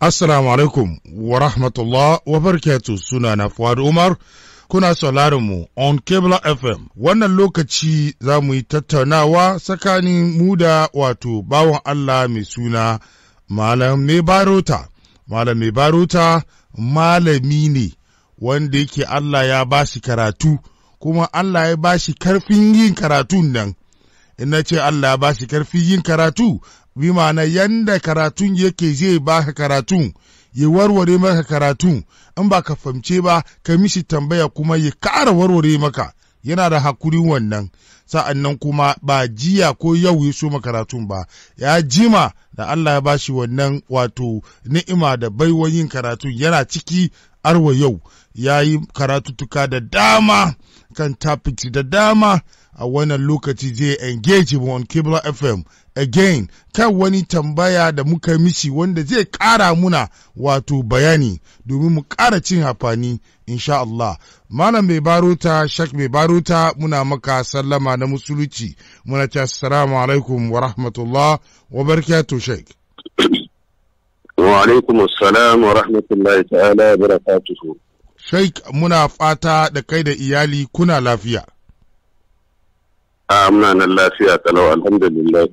Assalamu alaikum wa rahmatullah wa barakatu suna na Fuad Umar kuna sauraron mu on Kebla FM. Wannan lokaci za mu yi tattaunawa tsakanin mu da wato bawan Allah mai suna Malam Mai Barota. Malam Mai Barota malami ne wanda yake Allah ya ba shi karatu kuma Allah ya ba shi karfin yin karatun nan. In na ce Allah ya ba shi karfin yin karatu bi ma'ana yanda karatun yake zai baka karatun ya warware maka karatun in ba ka famce ba ka mishi tambaya kuma ya kara warware maka yana da hakurin wannan sa'annan kuma ba jiya ko yau ya so karatun ba ya jima da Allah ya bashi wannan wato ni'ima da baiwan yin karatun yana ciki arwa yau ya yi karatutuka da dama kan tafiti da dama a wannan lokaci zai engage on cable fm again kan wani tambaya da muka mishi wanda zai ƙara muna wato bayani domin mu ƙara cin hafani insha Allah malam mai baruta shak mai baruta muna maka sallama na musulunci muna ta assalamu alaikum wa rahmatullah wa barakatuh shek wa alaikum assalam wa rahmatullahi ta'ala wa barakatuh Sheikh muna fata da kai da iyali kuna lafiya. A ah, muna nan lafiya kalau alhamdulillah.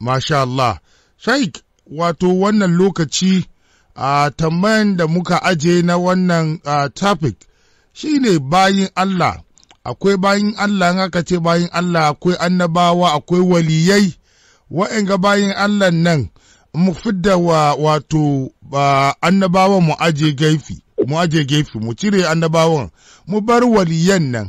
Masha Allah. shaik wato wannan lokaci a tambayan da muka aje na wannan topic shi ne bayin Allah, akwai bayin Allah in aka ce bayin Allah akwai annabawa akwai waliyai ga bayin Allah nan mu fidda wa wato annabawan mu aje gaifi mu aje gaifi mu cire annabawan mu bar waliyan nan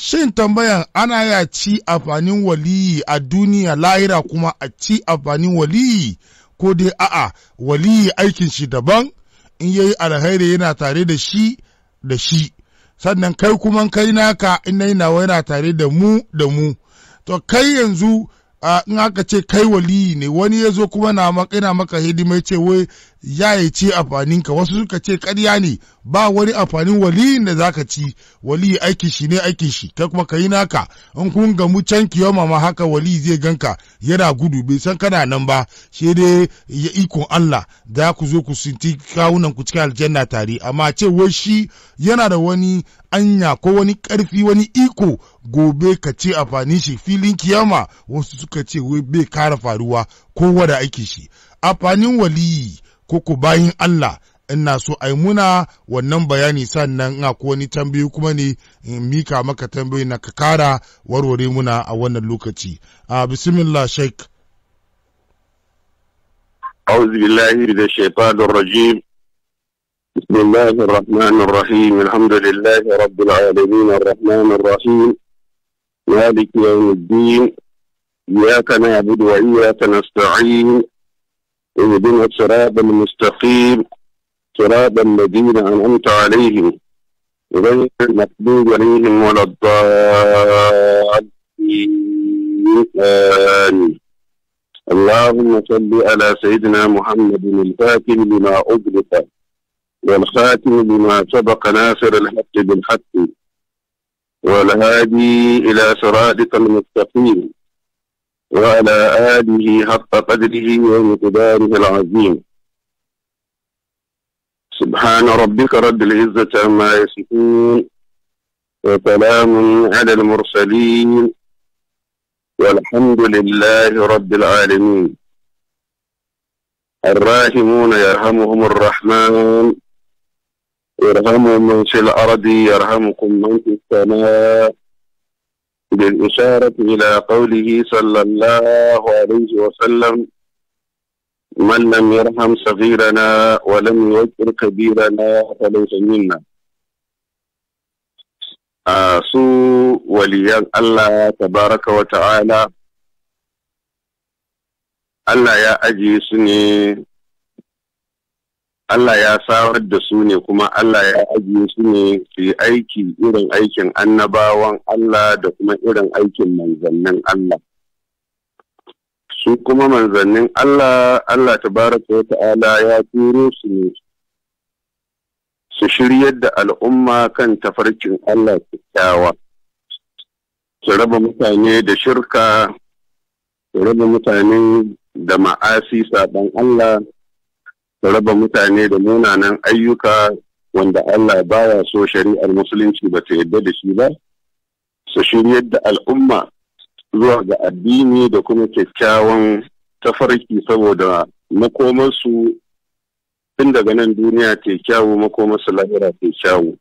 Shin tambayan ana ya ci amfanin waliyi a duniya lahira kuma a ci amfanin waliyi ko dai a'a waliyi aikin shi daban in yayi alheri yana tare da shi da shi sannan kai kuma kai naka in nayi nawa yana tare da mu da mu to kai yanzu in aka ce kai waliyi ne wani ya zo kuma na maka maka hidima ce wai Ya ce amfaninka wasu suka ce ƙarya ne ba wani amfanin waliyin da zaka ci waliyi aikin shi ne aikin shi kai kuma ka yi naka in kun gamu can kiyoma ma haka wali zai ganka yana gudu bai san kana nan ba shi dai ya ikon Allah da ku zo ku sinti kawunan ku cikin aljanna tare amma ce wai shi yana da wani anya ko wani karfi wani iko gobe ka ce amfanin shi filin kiyama wasu suka ce wai bai kara faruwa kowa da aiki shi amfanin waliyi ku bayin Allah ina so ai muna wannan bayani sannan ina ko wani tambayi kuma ne in mika maka tambayi na ka kara warware muna a wannan lokaci a bismillah sheik أعوذ بالله من الشيطان الرجيم بسم الله الرحمن الرحيم الحمد لله رب العالمين الرحمن الرحيم مالك يوم الدين إياك نعبد وإياك نستعين اهدنا الصراط المستقيم صراط الذين أنعمت عليهم غير المغضوب عليهم ولا الضالين اللهم صل على سيدنا محمد الفاتن بما أغلق والخاتم بما سبق ناصر الحق بالحق والهادي إلى صراطك المستقيم وعلى آله حق قدره ومقداره العظيم سبحان ربك رب العزة عما يصفون وسلام على المرسلين والحمد لله رب العالمين الراحمون يرحمهم الرحمن ارحموا من في الأرض يرحمكم من في السماء بالإشارة إلى قوله صلى الله عليه وسلم من لم يرحم صغيرنا ولم يذكر كبيرنا فليس منا آه، سو ولي الله تبارك وتعالى الله يا ya سني Allah ya samar da su ne kuma Allah ya ajiye su ne su yi aiki irin aikin annabawan Allah da kuma irin aikin manzannin Allah. Su kuma manzannin Allah, Allah ta baraka wa ta'ala ya turo su ne su shiryar da al'umma kan tafarkin Allah kyakkyawa. Su raba mutane da shirka, su raba mutane da ma'asi sabon Allah. da raba mutane da munanan ayyuka wanda Allah baya so shari'ar musulunci ba ta yadda da shi ba su shiryar da al'umma zuwa ga addini da kuma kyakkyawan tafarki saboda makomarsu tun daga nan duniya ke kyawu makomarsu lahira ke kyawu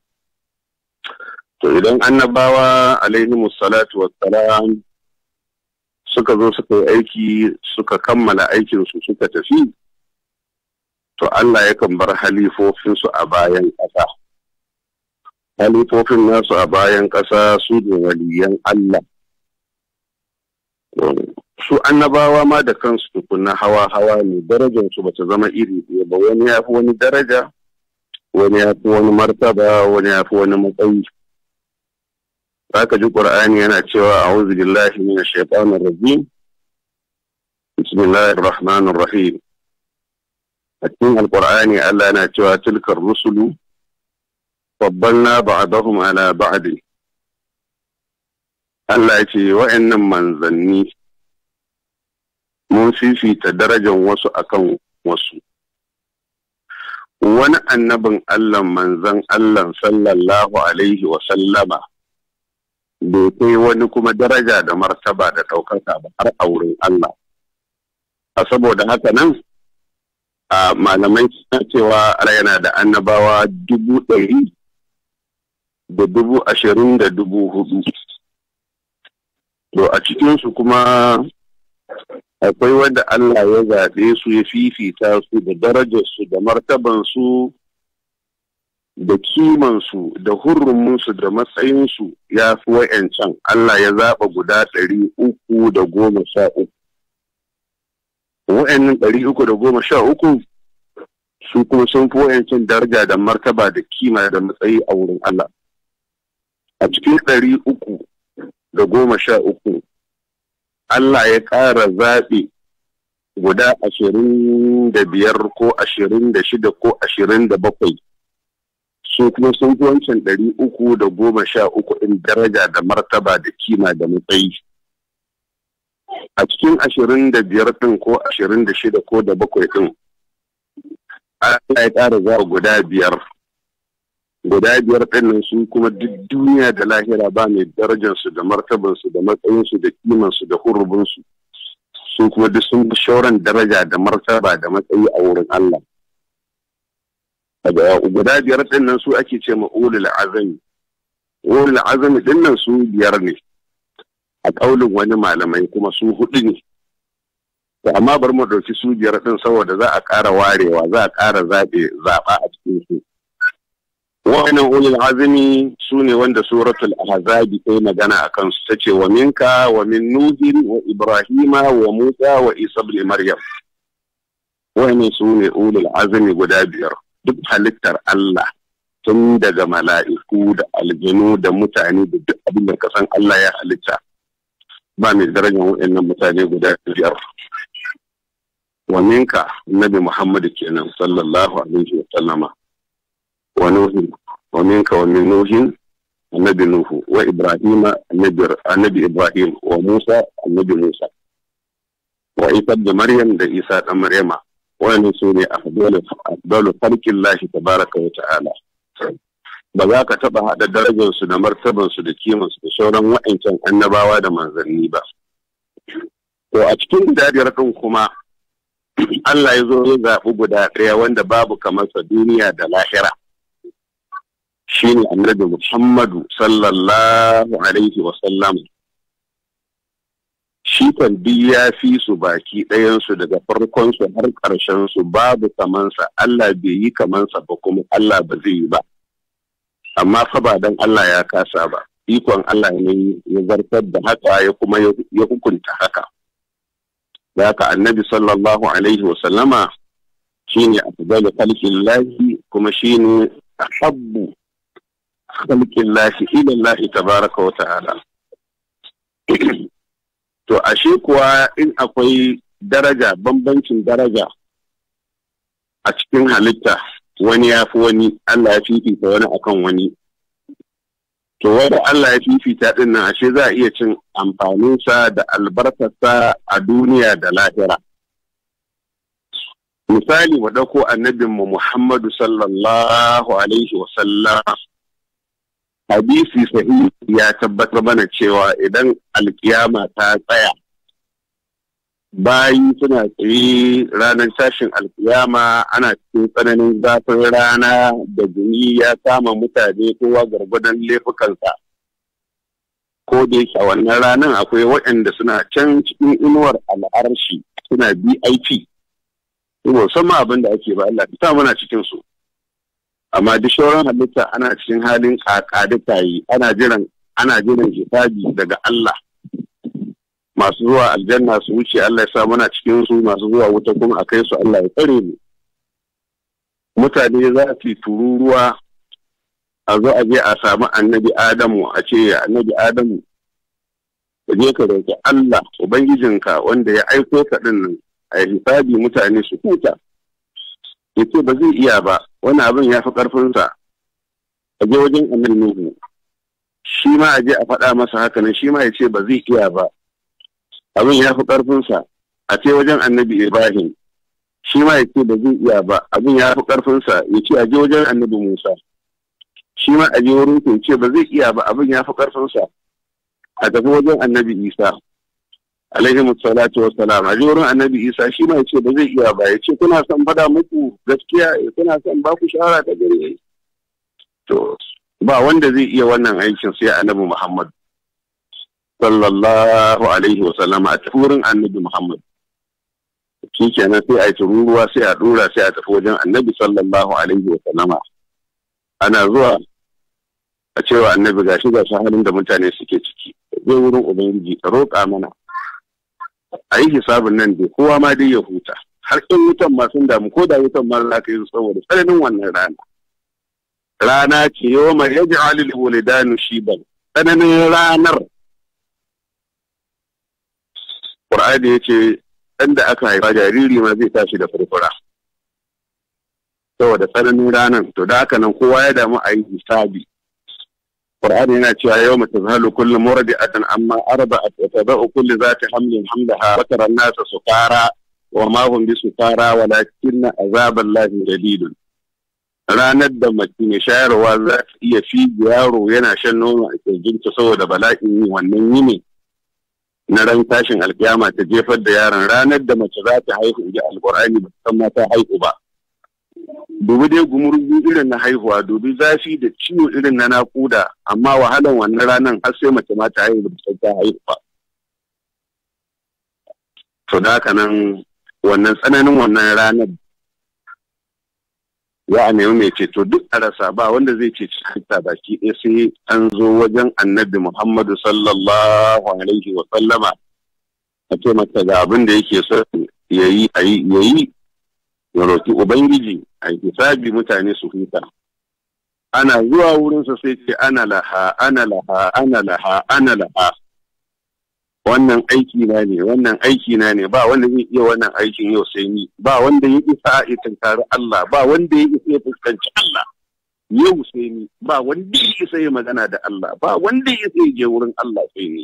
to idan annabawa alaihimu salatu wassalam suka zo suka yi aiki suka kammala aikinsu suka tafi to Allah yakan bar halifofinsu a bayan ƙasa. Halifofin nasu a bayan ƙasa su ne waliyan Allah. Su annabawa ma da kansu tukuna hawa-hawa ne darajansu ba ta zama iri ɗaya ba wani ya fi wani daraja, wani ya fi wani martaba, wani ya fi wani matsayi. Zaka ji Ƙur'ani yana cewa a billahi min shaitanir rajim. Bismillahir Rahmanir Rahim. a cikin alkur'ani Allah yana cewa tilkar rusulu fabbalna ba'dahum ala ba'd Allah ya ce wa'annan manzanni mun fifita darajar wasu akan wasu wani annabin Allah manzan Allah sallallahu alaihi wa sallama bai kai wani kuma daraja da martaba da ɗaukaka ba har a wurin Allah a saboda haka nan a malaman suna cewa rayana da annabawa dubu ɗari da dubu ashirin da dubu hudu. To a cikinsu kuma akwai wanda Allah ya zaɓe su ya fifita su da darajarsu da martabansu da kimansu da hurrumunsu da matsayinsu ya fi wa'yancan Allah ya zaɓa guda ɗari uku da goma sha uku. wa'annan ɗari uku da goma sha uku su kuma sun fi wa'ancin daraja da martaba da kima da matsayi a wurin Allah. A cikin ɗari uku da goma sha uku, Allah ya ƙara zaɓe guda ashirin da biyar ko ashirin da shida ko ashirin da bakwai. Su kuma sun fi wancan ɗari uku da goma sha uku in daraja da martaba da kima da matsayi. a cikin ashirin da biyar ɗin ko ashirin da shida ko da bakwai ɗin Allah ya ƙara za guda biyar guda biyar ɗin su kuma duk duniya da lahira ba mai darajarsu da martabarsu da matsayinsu da kimansu da hurubinsu su kuma duk sun fi shauran daraja da martaba da matsayi a wurin Allah guda biyar ɗin su ake ce ma ulul azami ulul azami ɗinnan su biyar ne a ƙaunin wani malamai kuma su hudu ne to amma bar mu ɗauki su biyar ɗin saboda za a ƙara warewa za a ƙara zaɓe zaɓa a cikin su Wani ulul azumi su ne wanda suratul ahzabi ta magana a kansu ta ce wa minka wa min nuhin wa ibrahima wa musa wa isa ibn maryam Wani su ne ulul azumi guda biyar duk halittar Allah tun daga mala'iku da aljinu da mutane da duk abin da kasan Allah ya halitta ba mai darajar wa'annan mutane guda biyar wa minka nabi muhammad kenan sallallahu alaihi wa sallama wa nuhin wa minka wa min nuhin annabi nuhu wa ibrahima annabi ibrahim wa musa annabi musa wa isa da maryam da isa dan maryama wani su ne afdalu farkin lashi tabaraka wa ta'ala ba za ka taɓa haɗa su da martabansu da kimansu da sauran wa'ancan annabawa da manzanni ba. To a cikin dadiyar kan kuma Allah ya zo ya zaɓi guda ɗaya wanda babu kamarsa duniya da lahira. Shi ne annabi Muhammadu sallallahu alaihi wa sallam. Shi kan ya fi su baki ɗayansu daga farkonsu har su, babu kamansa Allah bai yi kamansa ba kuma Allah ba zai yi ba. amma fa ba dan Allah ya kasa ba ikon Allah ne ya zartar da haka ya kuma ya hukunta haka da haka annabi sallallahu alaihi wa sallama shine afdalu khalqillahi kuma shine ahabbu khalqillahi ila Allah tabaraka wa ta'ala to ashe kuwa in akwai daraja bambancin daraja a cikin halitta wani ya fi wani Allah ya fifita wani akan wani to wanda Allah ya fifita din nan ashe za a iya cin amfaninsa da albarkarsa a duniya da lahira misali mu ɗauko annabinmu Muhammadu sallallahu alaihi wasallam hadisi sahihi ya tabbatar mana cewa idan alkiyama ta tsaya bayi suna tsaye ranar sashin alkiyama ana cikin tsananin zafin rana da jini ya kama mutane kowa gargadon laifukansa ko da yake a wannan ranar akwai waɗanda suna can cikin inuwar al'arshi suna bip sama abin da ake ba Allah ta muna cikin su amma duk shauran halitta ana cikin halin kakadita tayi, ana jiran ana jiran daga Allah masu zuwa aljanna su wuce Allah ya sa muna cikin su masu zuwa wuta kuma a kai su Allah ya tsare mu mutane za su tururuwa a zo a je a samu annabi Adamu a ce annabi Adamu ka je ka roƙi Allah ubangijinka wanda ya aiko ka din nan a hisabi mutane su huta yace ba zai iya ba wani abin ya fi karfinsa a je wajen annabi Nuhu shi ma a je a faɗa masa haka nan shi ma ya ce ba zai iya ba abin ya fi ƙarfinsa a ce wajen annabi ibrahim shi ma ya ce ba zai iya ba abin ya fi ƙarfinsa ya ce a je wajen annabi musa shi ma a je wurin ya ce ba zai iya ba abin ya fi ƙarfinsa a tafi wajen annabi isa alaihi musallatu wassalam a wurin annabi isa shi ma ya ce ba zai iya ba ya ce kuna son faɗa muku gaskiya kuna son ba ku shawara ta gare to ba wanda zai iya wannan aikin sai annabi muhammad sallallahu alaihi wa sallam a wurin annabi Muhammad shi kenan sai a yi tururuwa sai a dora sai a tafi wajen annabi sallallahu alaihi wa sallama ana zuwa a cewa annabi gashi gashi halin da mutane suke ciki zai wurin ubangiji ka roƙa mana a yi hisabin nan dai kowa ma dai ya huta har in wutan ma sun damu ko da wutan ma za ka yi saboda tsananin wannan rana rana ce yau mai yaji alil wulidanu shiban tsananin ranar Qur'ani ya ce ɗan da aka haifa jariri ma zai tashi da furfura. Saboda tsananin ranar, to da haka nan kowa ya damu a yi hisabi. Qur'ani yana cewa yau mutum halu kullum muradi atan amma arba a uku ne za ta hamlin hamdaha wata nasa su fara wa mahun bi su fara walakin na azaban lahi dalilin Ranar da mace mai shayarwa za ta iya fi yaro yana shan nono a kirjinta saboda bala'in wannan yini. na ran tashin alkiyama ta jefar da yaron ranar da mace za ta haihu ji alkur'ani ba san ma ta haihu ba dubi dai gumurgu irin na haihuwa dubi zafi da ciwo irin na nakuda amma wahalan wannan ranar har sai mace ma ta haihu da ta haihu ba to da haka nan wannan tsananin wannan ranar za a nemi mai ceto duk a rasa ba wanda zai ce halitta baki ɗaya sai an zo wajen annabi muhammadu sallallahu alaihi wa sallama a ce ga abin da yake so ya yi a yi ya yi ya roƙi ubangiji a hisabi mutane su huta ana zuwa wurinsa sai ce ana laha ana laha ana laha ana laha wannan aiki na ne wannan aiki na ne ba wanda zai iya wannan aikin yau sai ni ba wanda ya isa a tunkari Allah ba wanda ya isa ya fuskanci Allah yau sai ni ba wanda ya isa ya magana da Allah ba wanda ya isa ya je wurin Allah sai ni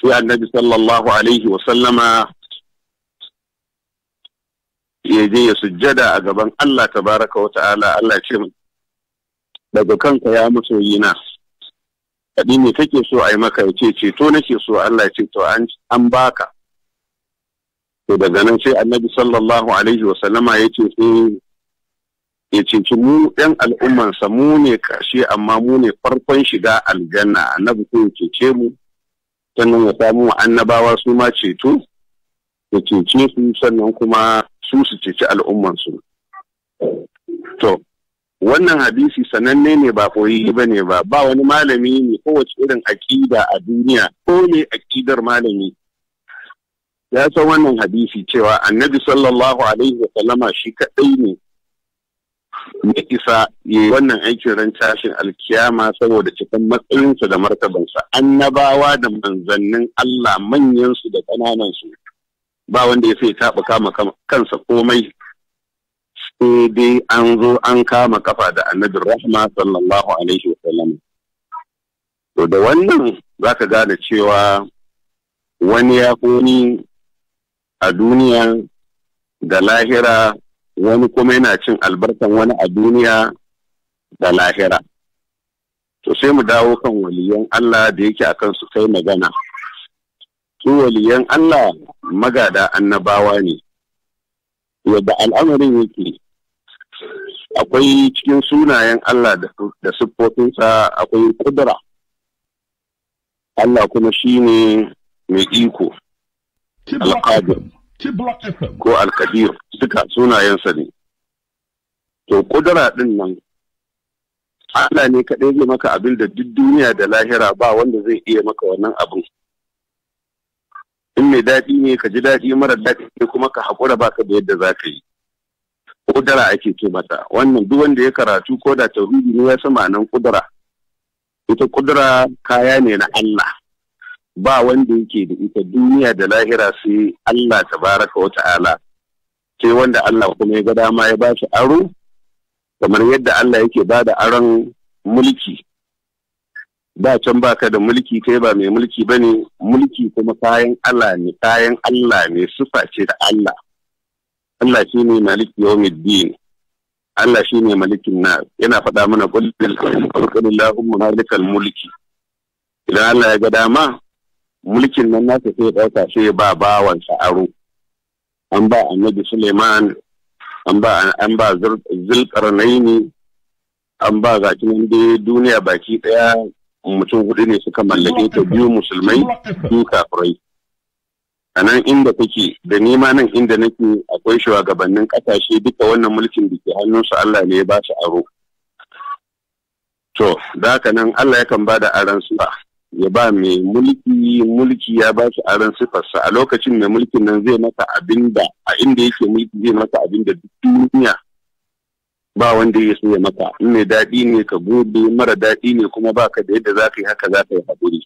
sai annabi sallallahu alaihi wa sallama ya je ya sujjada a gaban Allah tabaraka wa ta'ala Allah ce daga kanka ya masoyina kaɗi ne kake so a yi maka ya ce ceto nake so Allah ya ce to an baka to daga nan sai annabi sallallahu alaihi wa sallama ya ce eh, ya ceci mu ɗan al'ummansa mu ne ƙarshe amma mu ne farkon shiga aljanna annabi sai ya cece mu sannan ya samu annabawa su ma ceto ya cece su sannan kuma su su ceci al'ummansu to wannan hadisi sananne ne ba koyi ba ne ba ba wani malami ne kowace irin aƙida a duniya ko ne aƙidar malami ya san wannan hadisi cewa annabi sallallahu alaihi wasallama shi kaɗai ne ya isa ya wannan aikin rancashin alkiyama saboda cikin matsayinsa da martabansa annabawa da manzannin Allah manyansu da ƙananansu ba wanda ya sai taɓa kama kansa komai sai dai an zo an kama kafa da annabi rahma sallallahu alaihi wa sallam to da wannan za gane cewa wani ya koni a duniya da lahira wani kuma yana cin albarkan wani a duniya da lahira to sai mu dawo kan waliyan Allah da yake akan su kai magana su waliyan Allah magada annabawa ne yadda al'amarin yake akwai cikin sunayen Allah da siffofinsa akwai kudura Allah kuma shi ne mai iko alƙadir ko alƙadir suka sunayensa ne to kudura ɗin nan Allah ne kaɗai zai maka abin da duk duniya da lahira ba wanda zai iya maka wannan abin in mai daɗi ne ka ji daɗi mara daɗi ne kuma ka haƙura baka da yadda za ka yi kudura ake ce mata wannan duk wanda ya karatu ko da tauhidi ne ya san nan kudura ita kudura kaya ne na Allah ba wanda yake da ita duniya da lahira sai Allah tabaraka wa ta'ala sai wanda Allah kuma ya ga dama ya ba shi aro kamar yadda Allah yake ba da aron mulki ba can baka da mulki kai ba mai mulki bane mulki kuma kayan Allah ne kayan Allah ne sufa ce da Allah Allah shi ne Malik yawmin din Allah shi ne malikin na yana faɗa mana kullum alƙalin lahumma malikal mulki idan Allah ya ga dama mulkin nan nasa sai ɗauka sai ya ba bawansa aro an ba annabi Suleiman an ba an ba an ba zaki nan dai duniya baki ɗaya mutum hudu ne suka mallake ta biyu musulmai biyu kafirai a nan inda kake da nema nan inda nake akwai shugabannin kasashe duka wannan mulkin da ke hannunsu Allah ne ya ba su aro. To, da haka nan Allah yakan ba da aron sifa, ya ba mai mulki mulki ya ba shi aron sifarsa a lokacin mai mulkin nan zai masa abin da a inda yake mulki zai masa abin da duniya ba wanda ya so ya maka in mai daɗi ne ka gode mara daɗi ne kuma ba ka da yadda za ka yi haka za ka yi haƙuri.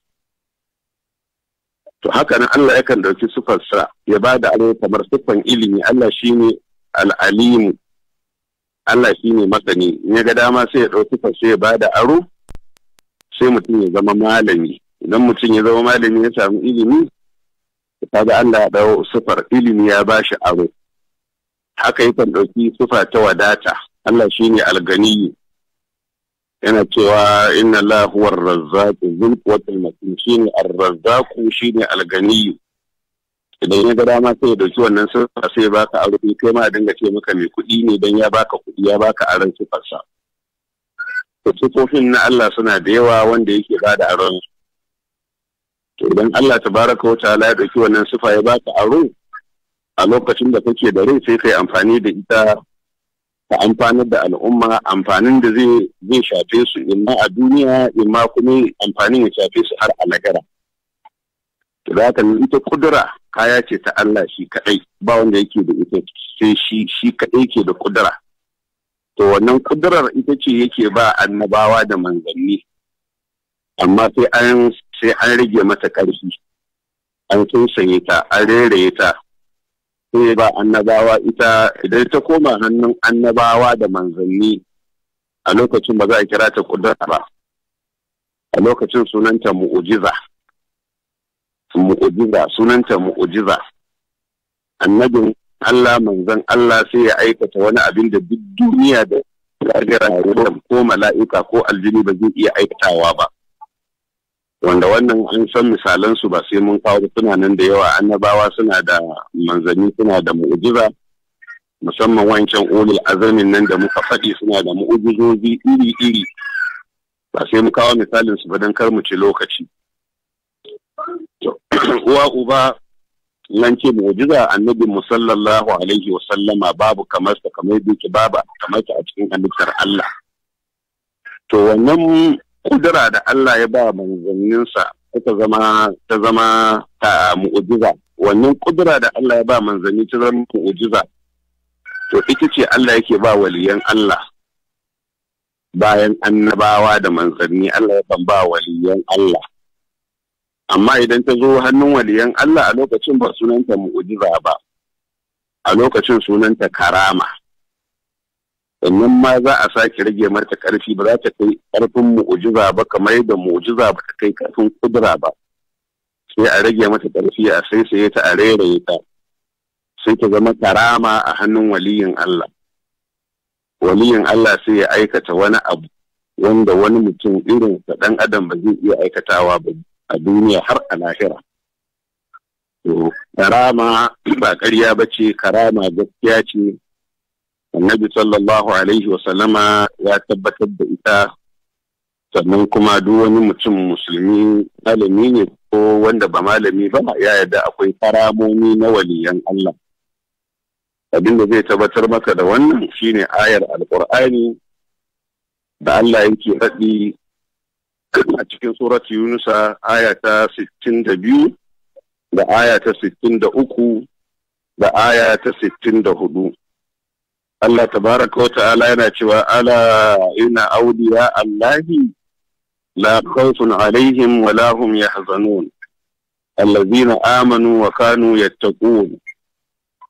to haka nan Allah yakan ɗauki sufarsa ya ba da alai kamar sufan ilimi Allah shi ne al'alimu Allah shi masani in ya ga dama sai ya ɗauki sai ya ba da aro sai mutum ya zama malami idan mutum ya zama malami ya samu ilimi ga Allah ya dawo sufar ilimi ya ba shi aro haka yakan ɗauki sufa ta wadata Allah shi ne alganiyu yana cewa inna la huwa ar-razzaq dhul quwwatil matin shine ar-razzaq shine al idan ya ga dama sai ya dauki wannan sifa sai ya baka aro kai ma a dinga ce maka mai kuɗi ne dan ya baka kuɗi ya baka aron sifarsa to sifofin na Allah suna da yawa wanda yake ba da aron to idan Allah tabaraka wa ta'ala ya dauki wannan sifa ya baka aro a lokacin da kake da rai sai kai amfani da ita ta amfanar da al'umma amfanin da zai shafe su imma a duniya imma kuma amfanin ya shafe su har a nagara. ka haka ita kudura kaya ce ta Allah shi kaɗai ba wanda yake da ita sai shi shi kaɗai ke da kudura. To wannan kudurar ita ce yake ba annabawa da manzanni amma sai an sai an rage mata ƙarfi an sunsanye ta an rere ta sai ba annabawa ita idan ta koma hannun annabawa da manzanni a lokacin ba za a kira ta kudura ba a lokacin sunanta mu'ujiza mu'ujiza sunanta mu'ujiza annabin Allah manzan Allah sai ya aikata wani abin da duk duniya da ko mala'ika ko aljini ba zai iya aikatawa ba wanda wannan an san misalansu ba sai mun kawo suna nan da yawa annabawa suna da manzanni suna da mu'ujiza musamman wancan ulul azamin nan da muka faɗi suna da mu'ujizozi iri-iri ba sai mu kawo misalin su ba don kar mu ci lokaci uwa uba nan ce mu'ujiza annabi musallallahu alaihi wa sallama babu kamar sa kamar yake babu kamar ta a cikin halittar Allah to wannan kudura da Allah ya ba manzanninsa ta zama ta zama ta mu'ujiza wannan kudura da Allah ya ba manzanni ta zama mu'ujiza to ita ce Allah yake ba waliyan Allah bayan annabawa da manzanni Allah ya ba waliyan Allah amma idan ta zo hannun waliyan Allah a lokacin ba sunanta mu'ujiza ba a lokacin sunanta karama sannan ma za a sake rage mata karfi ba za ta kai karfin mu'ujiza ba kamar da mu'ujiza ba ta kai karfin kudura ba sai a rage mata karfi a saisaye ta a rairaye ta sai ta zama karama a hannun waliyin Allah waliyin Allah sai ya aikata wani abu wanda wani mutum irin sa dan adam ba zai iya aikatawa ba a duniya har a lahira to karama ba ƙarya ba ce karama gaskiya ce annabi sallallahu alaihi wasallama ya tabbatar da ita sannan kuma duk wani mutum musulmi malami ne ko wanda ba malami ba ya yarda akwai karamomi na waliyan Allah abin da zai tabbatar maka da wannan shine ayar alkur'ani da Allah yake faɗi a cikin surat yunusa aya ta 62 da aya ta 63 da aya ta 64 Allah tabaraka wa ta'ala yana cewa ala ina auliya Allahi la khawfun alaihim wa la hum yahzanun allazina amanu wa kanu yattaqun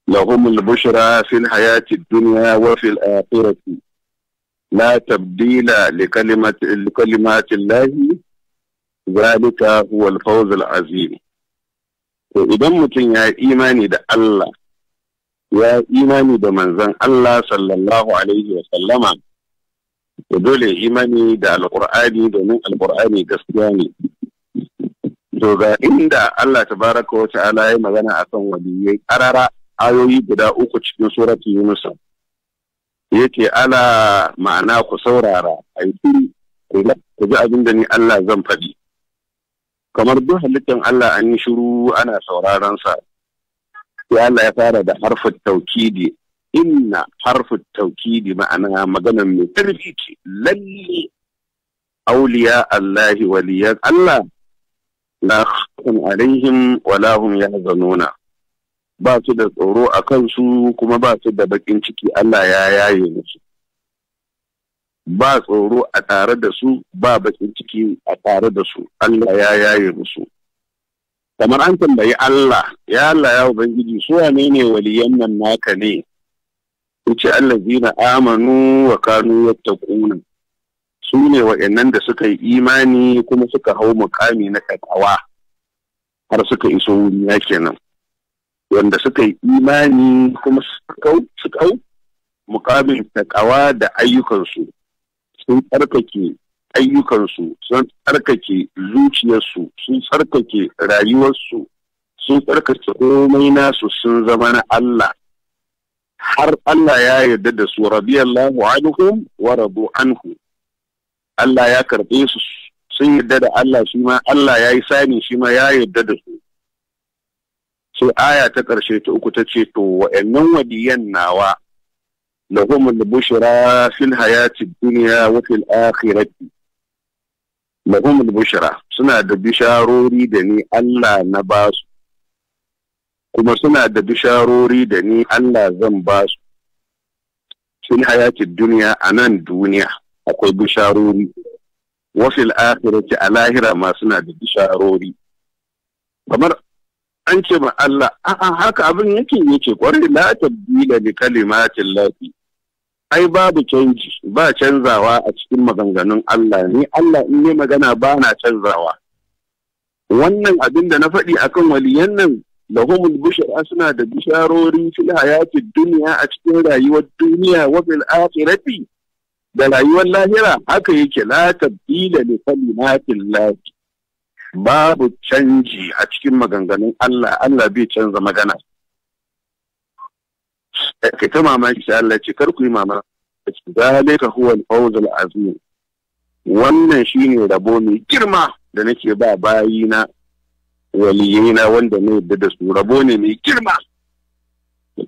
lahum al-bushra fi hayati ad-dunya wa fi akhirati la tabdila li kalimati li kalimati Allahi zalika huwa al-fawz al-azim to idan mutum ya imani da Allah ya imani da manzon Allah sallallahu alaihi wa sallama to dole imani da alqur'ani domin alqur'ani gaskiya ne to ga inda Allah ta baraka wata ya magana akan waliyai karara ayoyi guda uku cikin suratu Yunus yake ala ma'ana ku saurara aiki ku ji abin da ni Allah zan faɗi kamar duk halittar Allah an yi shiru ana sauraron sa sai Allah ya fara da harfin taukidi inna harfin taukidi ma'ana maganar mai ƙarfi ce lalle auliya Allahi waliyan Allah la khawfun alaihim wala hum yahzanuna ba su da tsoro a kansu kuma ba su da bakin ciki Allah ya yaye musu ba tsoro a tare da su ba bakin ciki a tare da su Allah ya yaye musu kamar an tambayi Allah ya Allah ya ubangiji su wane ne waliyan nan naka ne Allah zina amanu wa kanu yattaquna su ne wa'annan da suka yi imani kuma suka hau mukami na kakawa har suka iso wuri ke kenan wanda suka yi imani kuma suka hau mukamin takawa da ayyukansu sun tsarkake ayyukansu sun tsarkake zuciyarsu sun tsarkake rayuwarsu sun tsarkake komai nasu sun zama na Allah har Allah ya yarda da su radiyallahu anhum wa radu anhu Allah ya karbe su sun yarda da Allah shi ma Allah ya yi sani shi ma ya yarda da su sai aya ta ƙarshe ta uku ta ce to wa'annan wadiyan nawa lahum al-bushra fil hayati dunya wa fil akhirati lahumul bushra suna da bisharori da ni Allah na ba su kuma suna da bisharori da ni Allah zan ba su sun duniya a nan duniya akwai bisharori Wasu fil akhirati a lahira ma suna da bisharori kamar an ce ma Allah a'a haka abin yake yake kwarai la tabdila li kalimatin lafiya ai babu canji ba canzawa a cikin maganganun Allah ni Allah in yi magana ba na canzawa wannan abin da na faɗi akan waliyan nan lahumul bushra suna da bisharori fil hayati duniya a cikin rayuwar duniya wa fil da rayuwar lahira haka yake la tabdila li kalimatin babu canji a cikin maganganun Allah Allah bai canza magana ka ta mamaki sai Allah ce kar ku yi mamaki zalika huwa al-fawz al-azim wannan shine rabo mai girma da nake ba bayina waliyina wanda na yadda da su rabo ne mai girma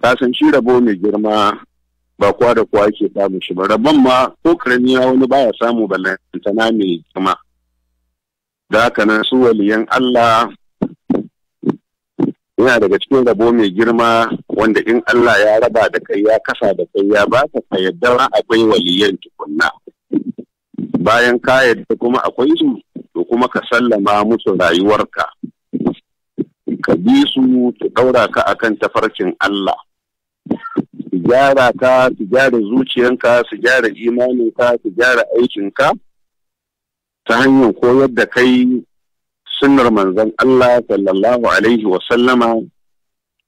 ka shi rabo mai girma ba kwa da kwa ke samu shi ba rabon ma ko karami ya wani baya samu balantana mai girma da haka nan su waliyan Allah yana daga cikin rabo mai girma wanda in Allah ya raba da kai ya kasa da kai ya ba ka ka yadda akwai waliyan tukunna bayan ka yadda kuma akwai su to kuma ka sallama musu rayuwarka ka bi su ta daura ka akan tafarkin Allah su gyara ka su gyara zuciyanka su gyara imaninka su gyara aikinka ta hanyar koyar da kai sunnar manzon Allah sallallahu alaihi wa sallama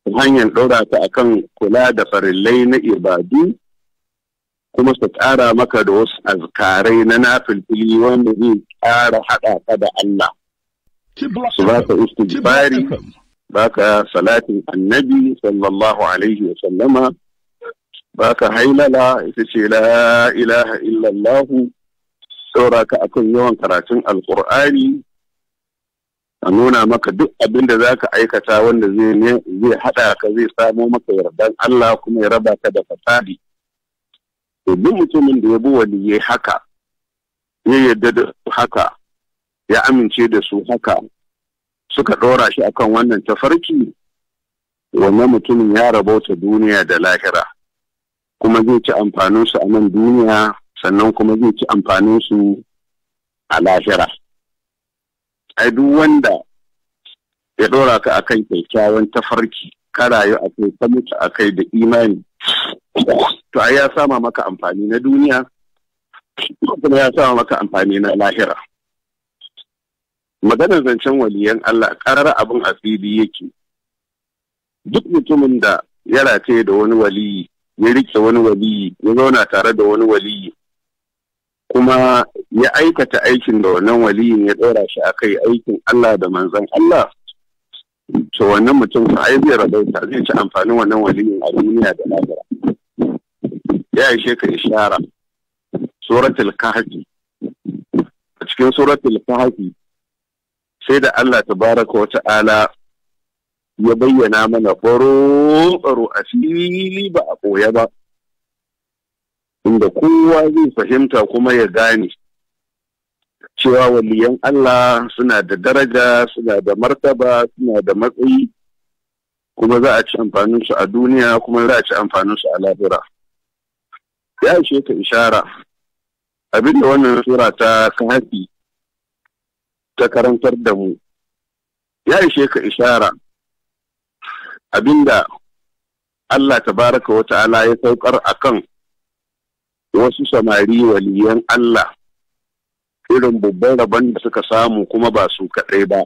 hanyar ɗora ta akan kula da farillai na ibadu kuma su ƙara maka da wasu azkarai na nafilfili wanda zai ƙara haɗa ka da Allah su ba ka istijbari ba ka salatin annabi sallallahu alaihi wa sallama ba ka hailala ita ce la ilaha illallahu ɗora ka akan yawan karatun alƙur'ani a nuna maka duk abin da za ka aikata wanda zai haɗa ka zai samo maka yardan Allah kuma ya raba ka da fasadi. To duk mutumin da ya bi wani ya haka, ya yadda da haka, ya amince da su haka, suka ɗora shi akan wannan tafarki, wannan mutumin ya rabauta duniya da lahira, kuma zai ci amfaninsu a nan duniya, sannan kuma zai ci amfaninsu a lahira. ai duk wanda ya ɗora ka akan kyakkyawan tafarki ka rayu a kai ka mutu a kai da imani to ai ya sama maka amfani na duniya kuma ya sama maka amfani na lahira maganar zancen waliyan Allah karar abin asiri yake duk mutumin da ya race da wani waliyi ya rike wani waliyi ya zauna tare da wani waliyi kuma ya aikata aikin da wannan waliyin ya ɗora shi a kai aikin Allah da manzan Allah to wannan mutum ai zai rabauta zai ci amfanin wannan waliyin a duniya da lahira ya yi sheka ishara suratul kahfi a cikin suratul kahfi sai da Allah tabaraka wa ta'ala ya bayyana mana faro tsaro a fili ba a koya ba inda kowa zai fahimta kuma ya gane cewa waliyan Allah suna da daraja suna da martaba suna da matsayi kuma za a ci amfanin su a duniya kuma za a ci amfanin su a lahira ya ishe ka ishara abinda wannan sura ta kafi ta karantar da mu ya ishe ka ishara abinda Allah tabaraka wa ta'ala ya saukar akan wasu samari waliyan Allah irin babban rabon da suka samu kuma ba su kaɗai ba.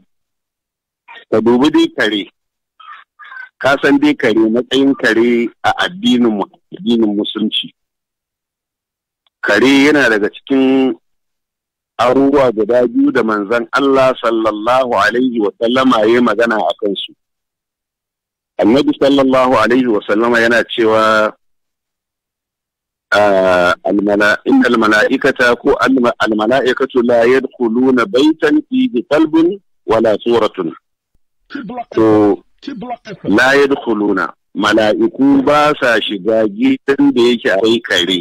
Ka dubi dai kare, ka san dai kare matsayin kare a addinin musulunci. Kare yana daga cikin abubuwa guda biyu da manzan Allah sallallahu Alaihi wasallama ya magana a kansu. Annabi sallallahu Alaihi wasallama yana cewa إن الملائكة كو الملائكة لا يدخلون بيتا فيه قلب ولا سورة لا يدخلون mala'iku ba sa shiga gidan da yake a kare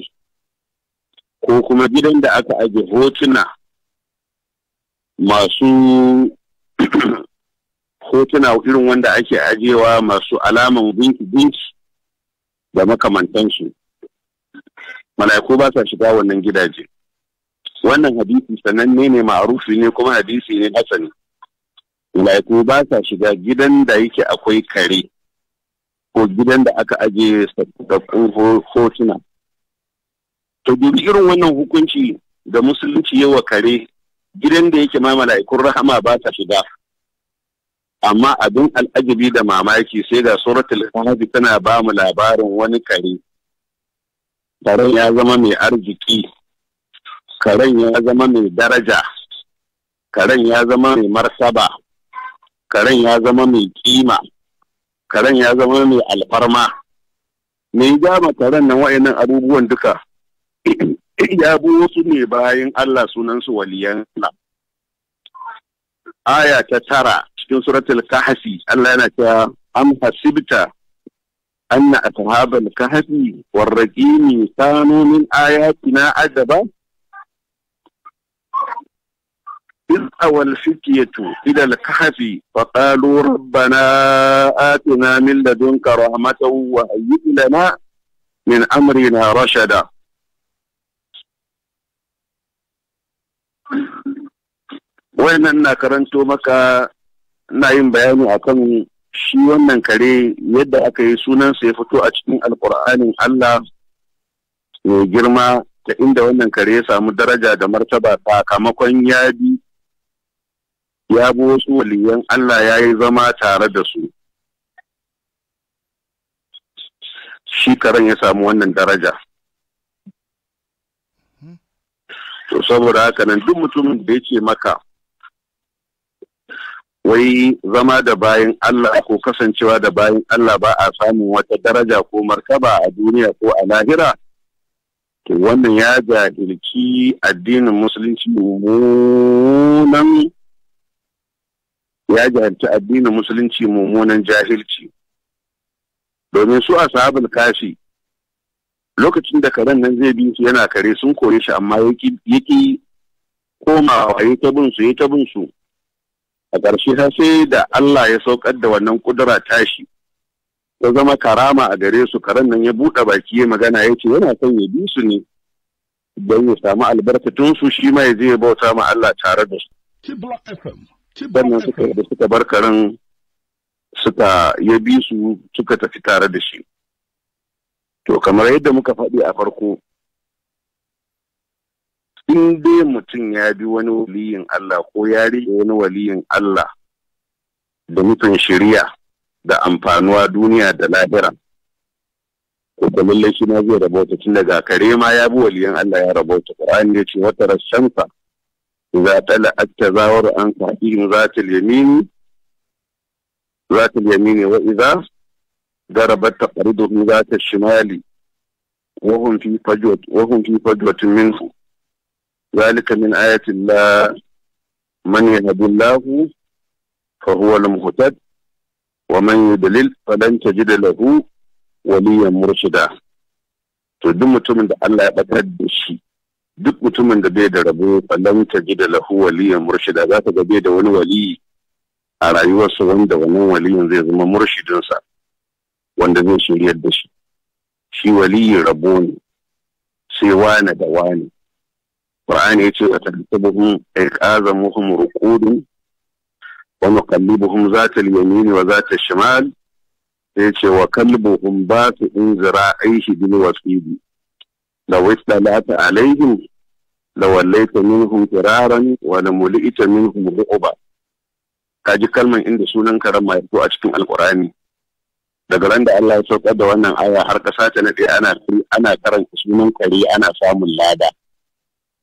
ko kuma gidan da aka aje hotuna irin wanda ake ajewa masu alaman binki binki da makamantansu mala'iku ba sa shiga wannan gidaje wannan hadisi sananne ne ma'arufi ne kuma hadisi ne hasani mala'iku ba sa shiga gidan da yake akwai kare ko gidan da aka aje sabbin hotuna to dubi irin wannan hukunci da musulunci yawa kare gidan da yake ma mala'ikun rahama ba sa shiga amma abin al'ajabi da mamaki sai ga suratul hajji tana ba mu labarin wani kare karen ya zama mai arziki karen ya zama mai daraja karen ya zama mai marsaba. karen ya zama mai kima karen ya zama mai alfarma me ya ma karen nan wa'annan abubuwan duka ya bi wasu ne bayan Allah sunansu waliyan Allah aya ta tara cikin suratul kahfi Allah yana cewa am hasibta أن أصحاب الكهف والرجيم كانوا من آياتنا عجبا إذ أوى الفتية إلى الكهف فقالوا ربنا آتنا من لدنك رحمة وهيئ لنا من أمرنا رشدا وإن أنا كرنت مكة نعيم بياني أكمل shi wannan kare yadda aka yi sunansa ya fito a cikin alkur'anin Allah ya girma ta inda wannan kare ya samu daraja da martaba kamakon ya bi ya bi wasu waliyan Allah ya yi zama tare da su shi karen ya samu wannan daraja to saboda haka nan duk mutumin da yake maka wai zama da bayan Allah ko kasancewa da bayan Allah ba a samun wata daraja ko martaba a duniya ko a lahira to wannan ya jahilci addinin musulunci mummunan ya jahilci addinin musulunci mummunan jahilci domin su a sabon kashi lokacin da karen nan zai bi su yana kare sun kore shi amma ya komawa ya ta bin ya ta a ƙarshe har sai da Allah ya saukar da wannan kudura tashi ta zama karama a gare su karen nan ya buɗe baki ya magana ya ce yana son ya bi su ne don ya samu albarkatun su shi ma ya je bauta ma Allah tare da su sannan suka da suka bar karen suka ya bi su suka tafi tare da shi to kamar yadda muka faɗi a farko in dai mutum ya bi wani waliyin Allah ko ya riƙe wani waliyin Allah da nufin shirya da amfanuwa duniya da lahira ko da lallai shi na zai rabauta tun daga kare ma ya bi waliyin Allah ya rabauta Qur'an ya ce wata rashansa idza tala'at zawar an sa'in zatil yamini ta yamini wa iza darabat taqridu ƙaridu shimali وهم في فجوة وهم في ذلك من آيات الله من يهد الله فهو المهتد ومن يدلل فلن تجد له وليا مرشدا to duk mutumin da Allah ya batar da shi duk mutumin da bai da rabo falan ta ji da lahu waliyan murshida zata ka ga bai da wani waliyi a rayuwarsa wanda wannan waliyin zai zama murshidinsa wanda zai shiryar da shi shi waliyi rabo ne sai wane da wane Qur'ani yace wa tahsabuhum ayqazamuhum ruqudun wa nuqallibuhum zata al-yamin wa zata al-shimal yace wa kalbuhum bati'un zira'aihi bil wasidi law istalata alaihim lawallaita minhum firaran wa lamulita minhum ru'ba kaji kalman inda sunan karama ya a cikin alqur'ani daga ran da Allah ya saukar da wannan aya har kasa ta nade ana ana karanta sunan kare ana samun lada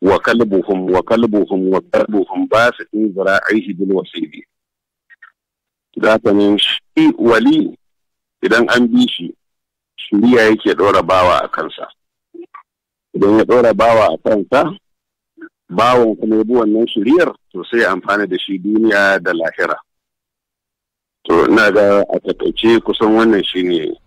wa kalbuhum wa kalbuhum wa kalbuhum ba su in zira'ihi bil wali idan an bi shi shiriya yake ɗora bawa a kansa idan ya ɗora bawa a kansa bawon kuma ya bi wannan shiriyar to sai amfani da shi duniya da lahira to ina ga a takaice kusan wannan shine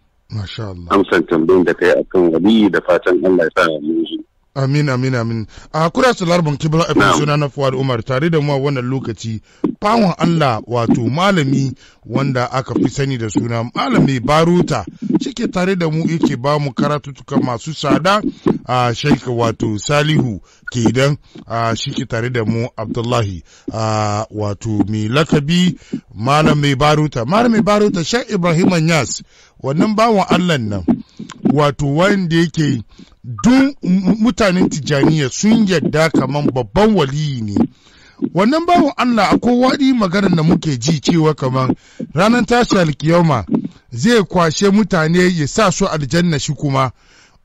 amsan tambayin da kai akan wali da fatan Allah ya sa mu Amin, amin, amin. A kura salar ban kibla a suna na Fuad Umar tare da mu a wannan lokaci, bawon Allah wato malami wanda aka fi sani da suna malami Baruta, cike tare da mu yake ba mu karatutuka masu sada a shaika wato Salihu kedan a shike tare da mu Abdullahi a wato mai lakabi malami Baruta. Malami Baruta Sheikh Ibrahim Anyas, wannan bawon Allah nan, wato wanda yake Dun mutanen Tijaniya sun yadda kaman babban waliyi ne wannan bawan allah akwai waɗi maganar da muke ji cewa kaman ranar tashi alkiyama zai kwashe mutane ya sa su aljanna shi kuma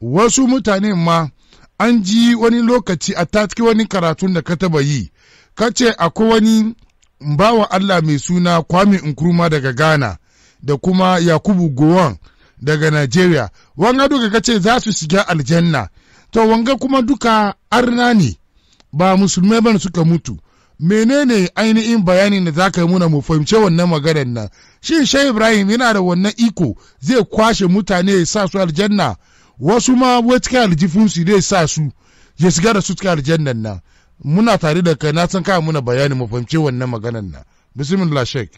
wasu mutane ma an ji wani lokaci a taski wani karatun da ka taba yi ka ce akwai wani bawan allah mai suna kwame nkrumah daga ghana da kuma yakubu gowon daga Najeriya wanga duka kace za su shiga aljanna to wanga kuma duka arna ne ba musulmai ba suka mutu menene ainihin bayanin da zaka yi muna mu fahimce wannan maganar nan shin shai ibrahim yana da wannan iko zai kwashe mutane ya sa su aljanna wasu ma wata aljifinsu zai sa su ya shiga da su cikin aljannan nan muna tare da kai na san kaya muna bayani mu fahimce wannan maganar nan bismillah sheik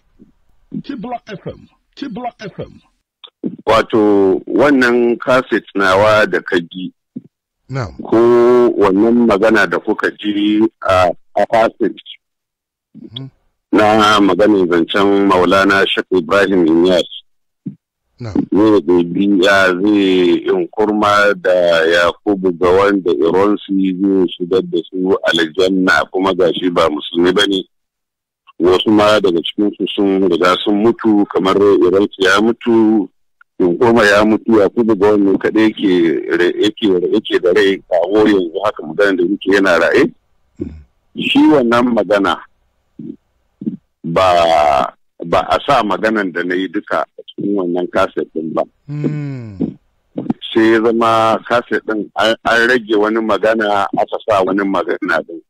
ki block fm ki block fm wato wannan kaset nawa da kagi ko wannan magana da kuka ji a kaset mm-hmm. na maganin zancen maulana shakku ibrahim inyas ne da zai in kurma da yakubu ga wanda ironsi zai shigar da su aljanna kuma gashi ba musulmi ba ne wasu ma daga cikinsu sun riga sun mutu kamar iransu ya mutu koma ya mutu ya kudu ga wani kaɗai yake da rai kawo yanzu haka magana da yake yana raye. Shi wannan magana ba a sa maganan da na yi duka a cikin wannan kaset ɗin ba. Sai zama kaset ɗin an rage wani magana aka sa wani magana ɗin.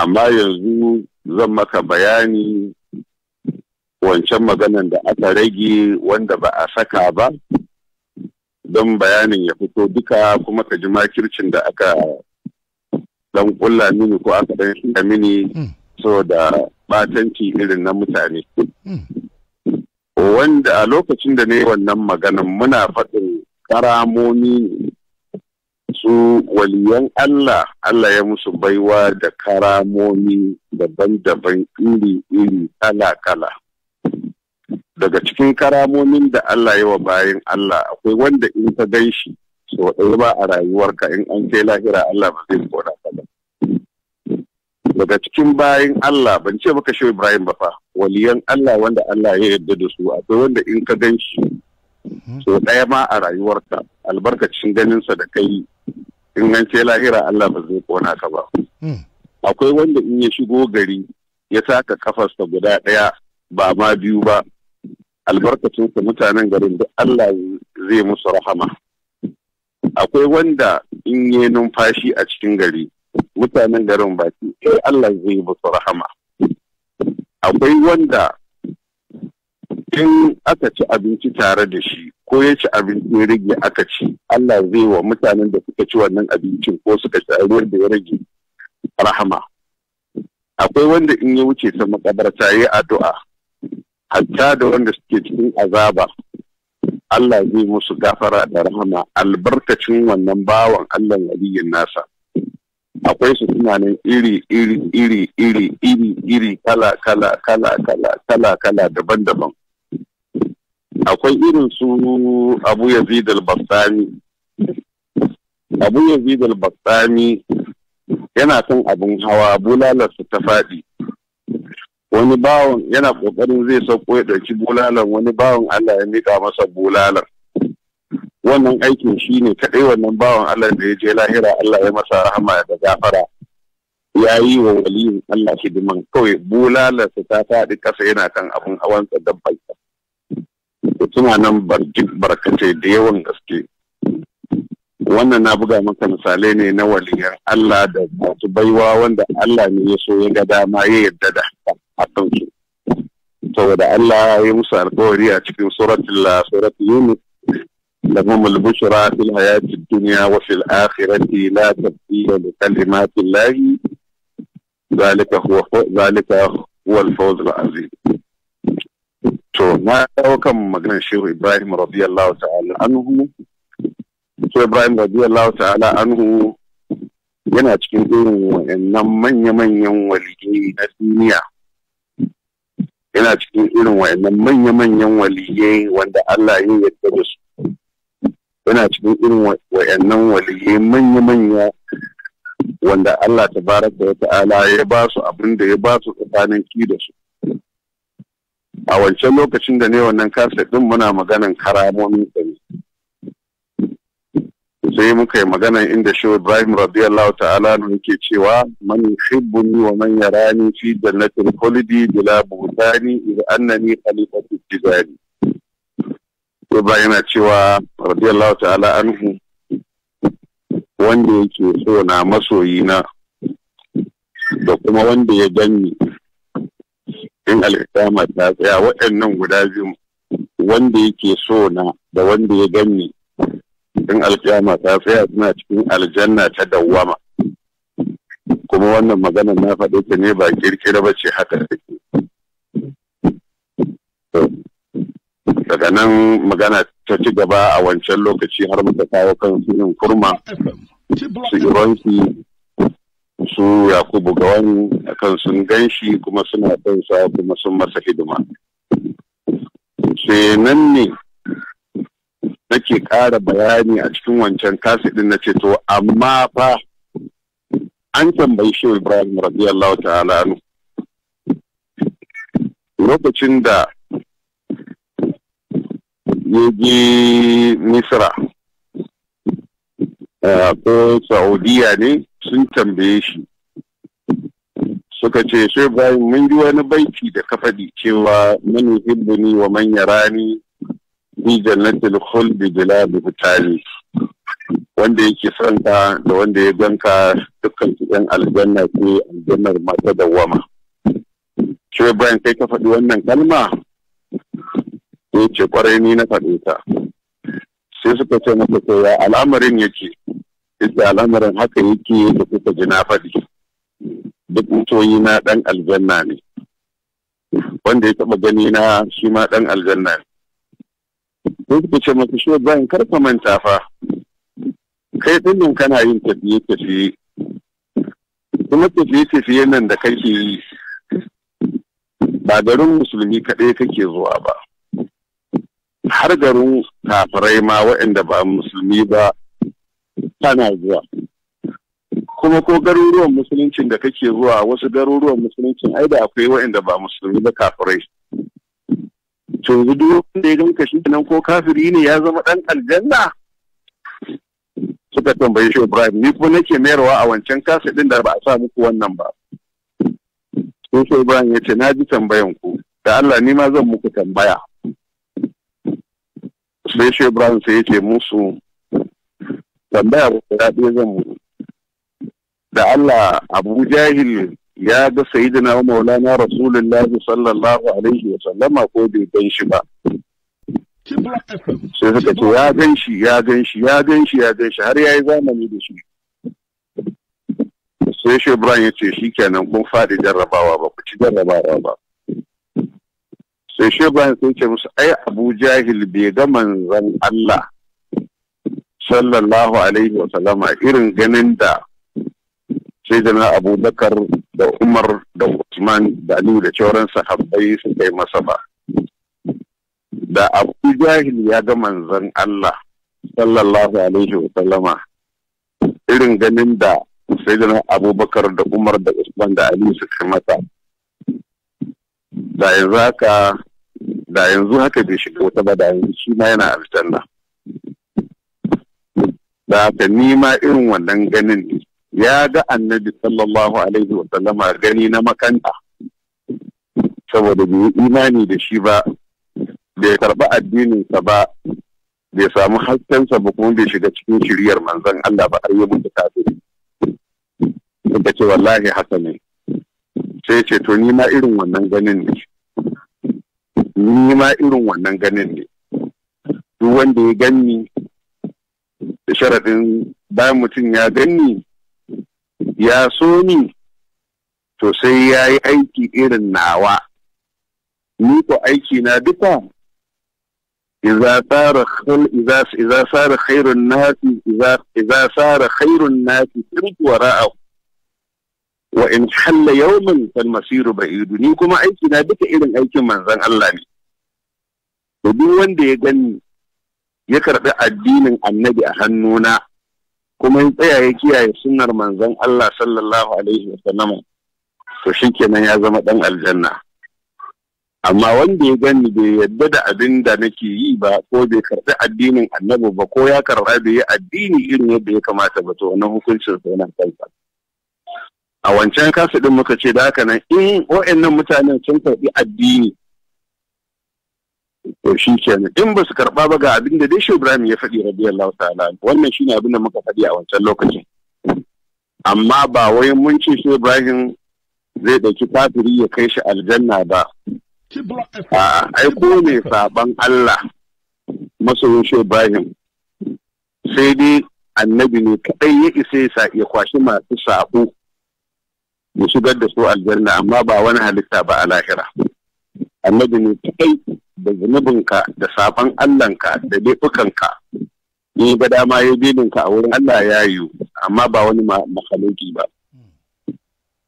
Amma yanzu zan maka bayani wancan maganan da aka rage wanda ba a saka ba don bayanin ya fito duka kuma ka ji makircin da aka dan kulla mini ko aka dan shiga mini hmm. so da batanci irin na mutane hmm. wanda a lokacin da ne wannan maganan muna faɗin karamomi su waliyan Allah Allah ya musu baiwa da karamomi daban-daban iri-iri kala-kala daga cikin karamomin da Allah yi wa bayan Allah akwai wanda in ka gan shi so ɗaya ba a rayuwarka in an kai lahira Allah ba zai kona ka ba daga cikin bayan Allah ban ce maka shi Ibrahim ba fa waliyan Allah wanda Allah ya yarda da su akwai wanda in ka gan shi mhm. so ɗaya ma a rayuwarka albarkacin ganinsa da kai in an ce lahira Allah ba zai kona ka ba hmm. akwai wanda in ya shigo gari ya saka kafarsa guda ɗaya ba ma biyu ba su mutanen garin da Allah zai musu rahama. Akwai wanda in yi numfashi a cikin gari, mutanen garin baki sai Allah zai musu rahama. Akwai wanda in aka ci abinci tare da shi ko ya ci abinci ya rage aka ci Allah zai wa mutanen da suka ci wannan abincin ko suka ci ruwan da ya rage rahama. Akwai wanda in ya wuce ta makabarta ya addu'a hatta da wanda suke cikin azaba Allah zai musu gafara da rahama albarkacin wannan bawan Allah waliyin nasa akwai su nan iri iri iri iri iri iri kala kala kala kala kala kala daban-daban akwai irin su Abu Yazid al-Bastami Abu Yazid al-Bastami yana kan abin hawa bulalarsa ta faɗi wani bawon yana kokarin zai sauko ya ɗauki bulalan wani bawan Allah ya mika masa bulalar wannan aikin shi ne kaɗai wannan bawan Allah da ya je lahira Allah ya masa rahama da gafara ya yi wa waliyin Allah hidiman kawai bulalarsa ta faɗi ƙasa yana kan abin hawan tsadan baita tuna nan barkatai da yawan gaske wannan na buga maka misalai ne na waliyan Allah da masu baiwa wanda Allah ne ya so ya ga dama ya yarda da haka a kansu saboda Allah ya musu alkawari a cikin suratul suratul yunus لهم البشرى في الحياة الدنيا وفي الآخرة لا تبديل لكلمات الله ذلك هو ذلك هو الفوز العظيم. To na ɗaukan maganar Shehu Ibrahim Ibrahim radiyallahu yana cikin irin wa'annan manya-manyan waliyyi na duniya. yana cikin irin wa'annan manya-manyan waliyai wanda Allah ya yarda da su yana cikin irin wa'annan waliyai manya-manya wanda Allah ta baraka wa ta'ala ya ba su abin da ya ba su tsakanin ki da su a wancan lokacin da ne wannan kasa din muna maganan karamomin ne sai muka yi magana inda shi Ibrahim radiyallahu ta'ala nan yake cewa man yuhibbuni wa man yarani fi jannatil khuldi bila buhtani idan annani khalifatu tijari Ibrahim yana cewa radiyallahu ta'ala anhu wanda yake so na masoyi da kuma wanda ya gani in alƙiyama ta tsaya waɗannan guda biyu wanda yake so na da wanda ya gani din alkiyama ta tsaya suna cikin aljanna ta dawwama kuma wannan magana na faɗo ta ne ba kirkira ba ce haka take daga nan magana ta ci gaba a wancan lokaci har muka kawo kan su in kurma su ironki su yakubu wani kan sun ganshi kuma suna kansa kuma sun masa hidima sai nan ne nake ƙara bayani a cikin wancan din na ceto, amma fa an tambayi shi ibrahim radiyallahu ta'ala anu lokacin da ya je misra eh, ko saudiya ne sun tambaye shi suka ce shi ibrahim mun ji wani baiti da ka faɗi cewa man yuhibbuni wa manyarani rani. ni jannatil khuldi bila bihutali wanda yake santa da wanda ya ganka dukkan yan aljanna ce aljannar mata dawwama ce bayan kai ka faɗi wannan kalma ya ce ƙwarai ni na faɗe ta sai suka ce na ta ya al'amarin yake ita al'amarin haka yake da kuka ji na faɗi duk mutoyi na ɗan aljanna ne wanda ya taɓa gani na shi ma ɗan aljanna ne sai suka ce masa shi bayan kar ka manta fa kai dinnan kana yin tafiye tafiye kuma tafiye tafiye nan da kake yi ba garin musulmi kaɗai kake zuwa ba har garin kafirai ma waɗanda ba musulmi ba tana zuwa kuma ko garuruwan musuluncin da kake zuwa wasu garuruwan musuluncin ai da akwai waɗanda ba musulmi ba kafirai to yanzu duk wanda ya ganka shi nan ko kafiri ne ya zama dan aljanna suka tambaye shi Ibrahim ni kuma nake mayarwa a wancan kasa din da ba a sa muku wannan ba sai shi Ibrahim ya ce na ji tambayan ku da Allah ni ma zan muku tambaya sai shi Ibrahim sai ya ce musu tambaya ba da zan mu da Allah Abu Jahil ya ga sayidina wa maulana rasulullahi sallallahu alaihi wa sallama ko bai gan shi ba sai suka ce ya gan shi ya gan shi ya gan shi ya gan shi har ya yi zamani da shi sai shi ibrahim ya ce shi kenan kun faɗi jarrabawa ba ku ci jarrabawa ba sai shi ibrahim sai ce musu ai abu jahil bai ga manzon allah sallallahu alaihi wa sallama irin ganin da sai da na abu bakar da umar da usman da aliyu da sauran sahabbai su kai masa ba da abu jahil ya ga manzon allah sallallahu alaihi wa irin ganin da sayyidina abubakar da umar da usman da aliyu kai mata da yanzu haka da yanzu haka bai shiga wata ba da yanzu shi ma yana aljanna da haka ni ma irin wannan ganin ya ga annabi sallallahu alaihi wa sallama gani na makanta saboda bai yi imani da shi ba bai karɓi addininsa ba bai samu haskensa ba kuma bai shiga cikin shiryar manzon Allah ba har ya mutu kafiri ta ce wallahi haka ne sai ce to ni ma irin wannan ganin ne ni ma irin wannan ganin ne duk wanda ya ganni da sharaɗin bayan mutum ya ganni ya so ni to sai ya yi aiki irin nawa ni ko aiki na duka إذا صار خل إذا إذا صار خير الناس إذا إذا صار خير الناس سرت ni kuma aiki na duka irin aikin manzon Allah ne to duk wanda ya gani ya karɓi addinin annabi a hannuna kuma in tsaya ya kiyaye sunnar manzon Allah sallallahu alaihi wasallam to shikenan ya zama dan aljanna amma wanda ya gani bai yadda da abin da nake yi ba ko bai karɓi addinin annabi ba ko ya karɓa bai yi addini irin yadda ya kamata ba to na hukuncin sa yana kansa a wancan kasa din muka ce da haka nan in wa'annan mutanen sun karɓi addini to shi kenan in ba su karba ba ga abin da dai Ibrahim ya faɗi radiyallahu ta'ala wannan shine abin da muka faɗi a wancan lokacin amma ba wai mun ce shi Ibrahim zai ɗauki kafiri ya kai shi aljanna ba a aiko ne sabon Allah masoyin shi Ibrahim sai dai annabi ne kaɗai ya isa ya kwashi masu saƙo ya shigar da su aljanna amma ba wani halitta ba a lahira. annabi ne kaɗai da ka da safan Allahnka da laifukanka ba ga dama ya ka a wurin Allah ya yiwu amma ba wani makaloki ba.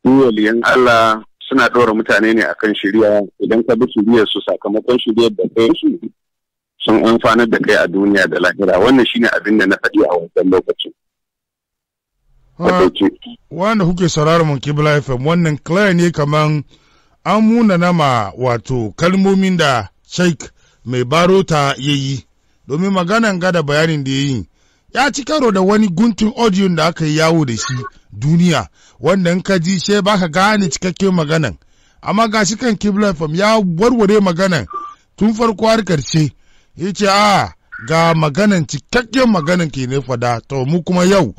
waliyan Allah suna ɗora mutane ne akan shirya idan ka bi shirya su sakamakon shiryar da kai su sun amfanar da kai a duniya da lahira wannan shine abin da na faɗi a wancan lokacin. Wanda kuke sararin mun kibla FM wannan Claire ne kaman an munana ma wato kalmomin da sheik mai barota ya yi domin maganan gada bayanin da ya yi ya ci karo da wani guntun audio da aka yi yawo da shi duniya wanda in ka ji she ka gane cikakken maganan amma ga shi kan kibla fam ya warware maganan tun farko har karshe ya ce a ga maganan cikakken maganan ke ne fada to mu kuma yau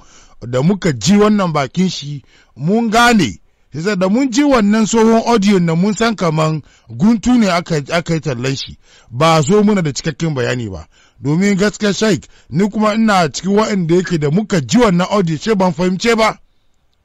da muka ji wannan bakin shi mun gane sai da mun ji wannan tsohon audio na mun san kaman guntu ne aka yi tallan shi ba zo muna da cikakken bayani ba domin gaske sheik ni kuma ina cikin waɗanda yake da muka ji wannan audio ce ban fahimce ba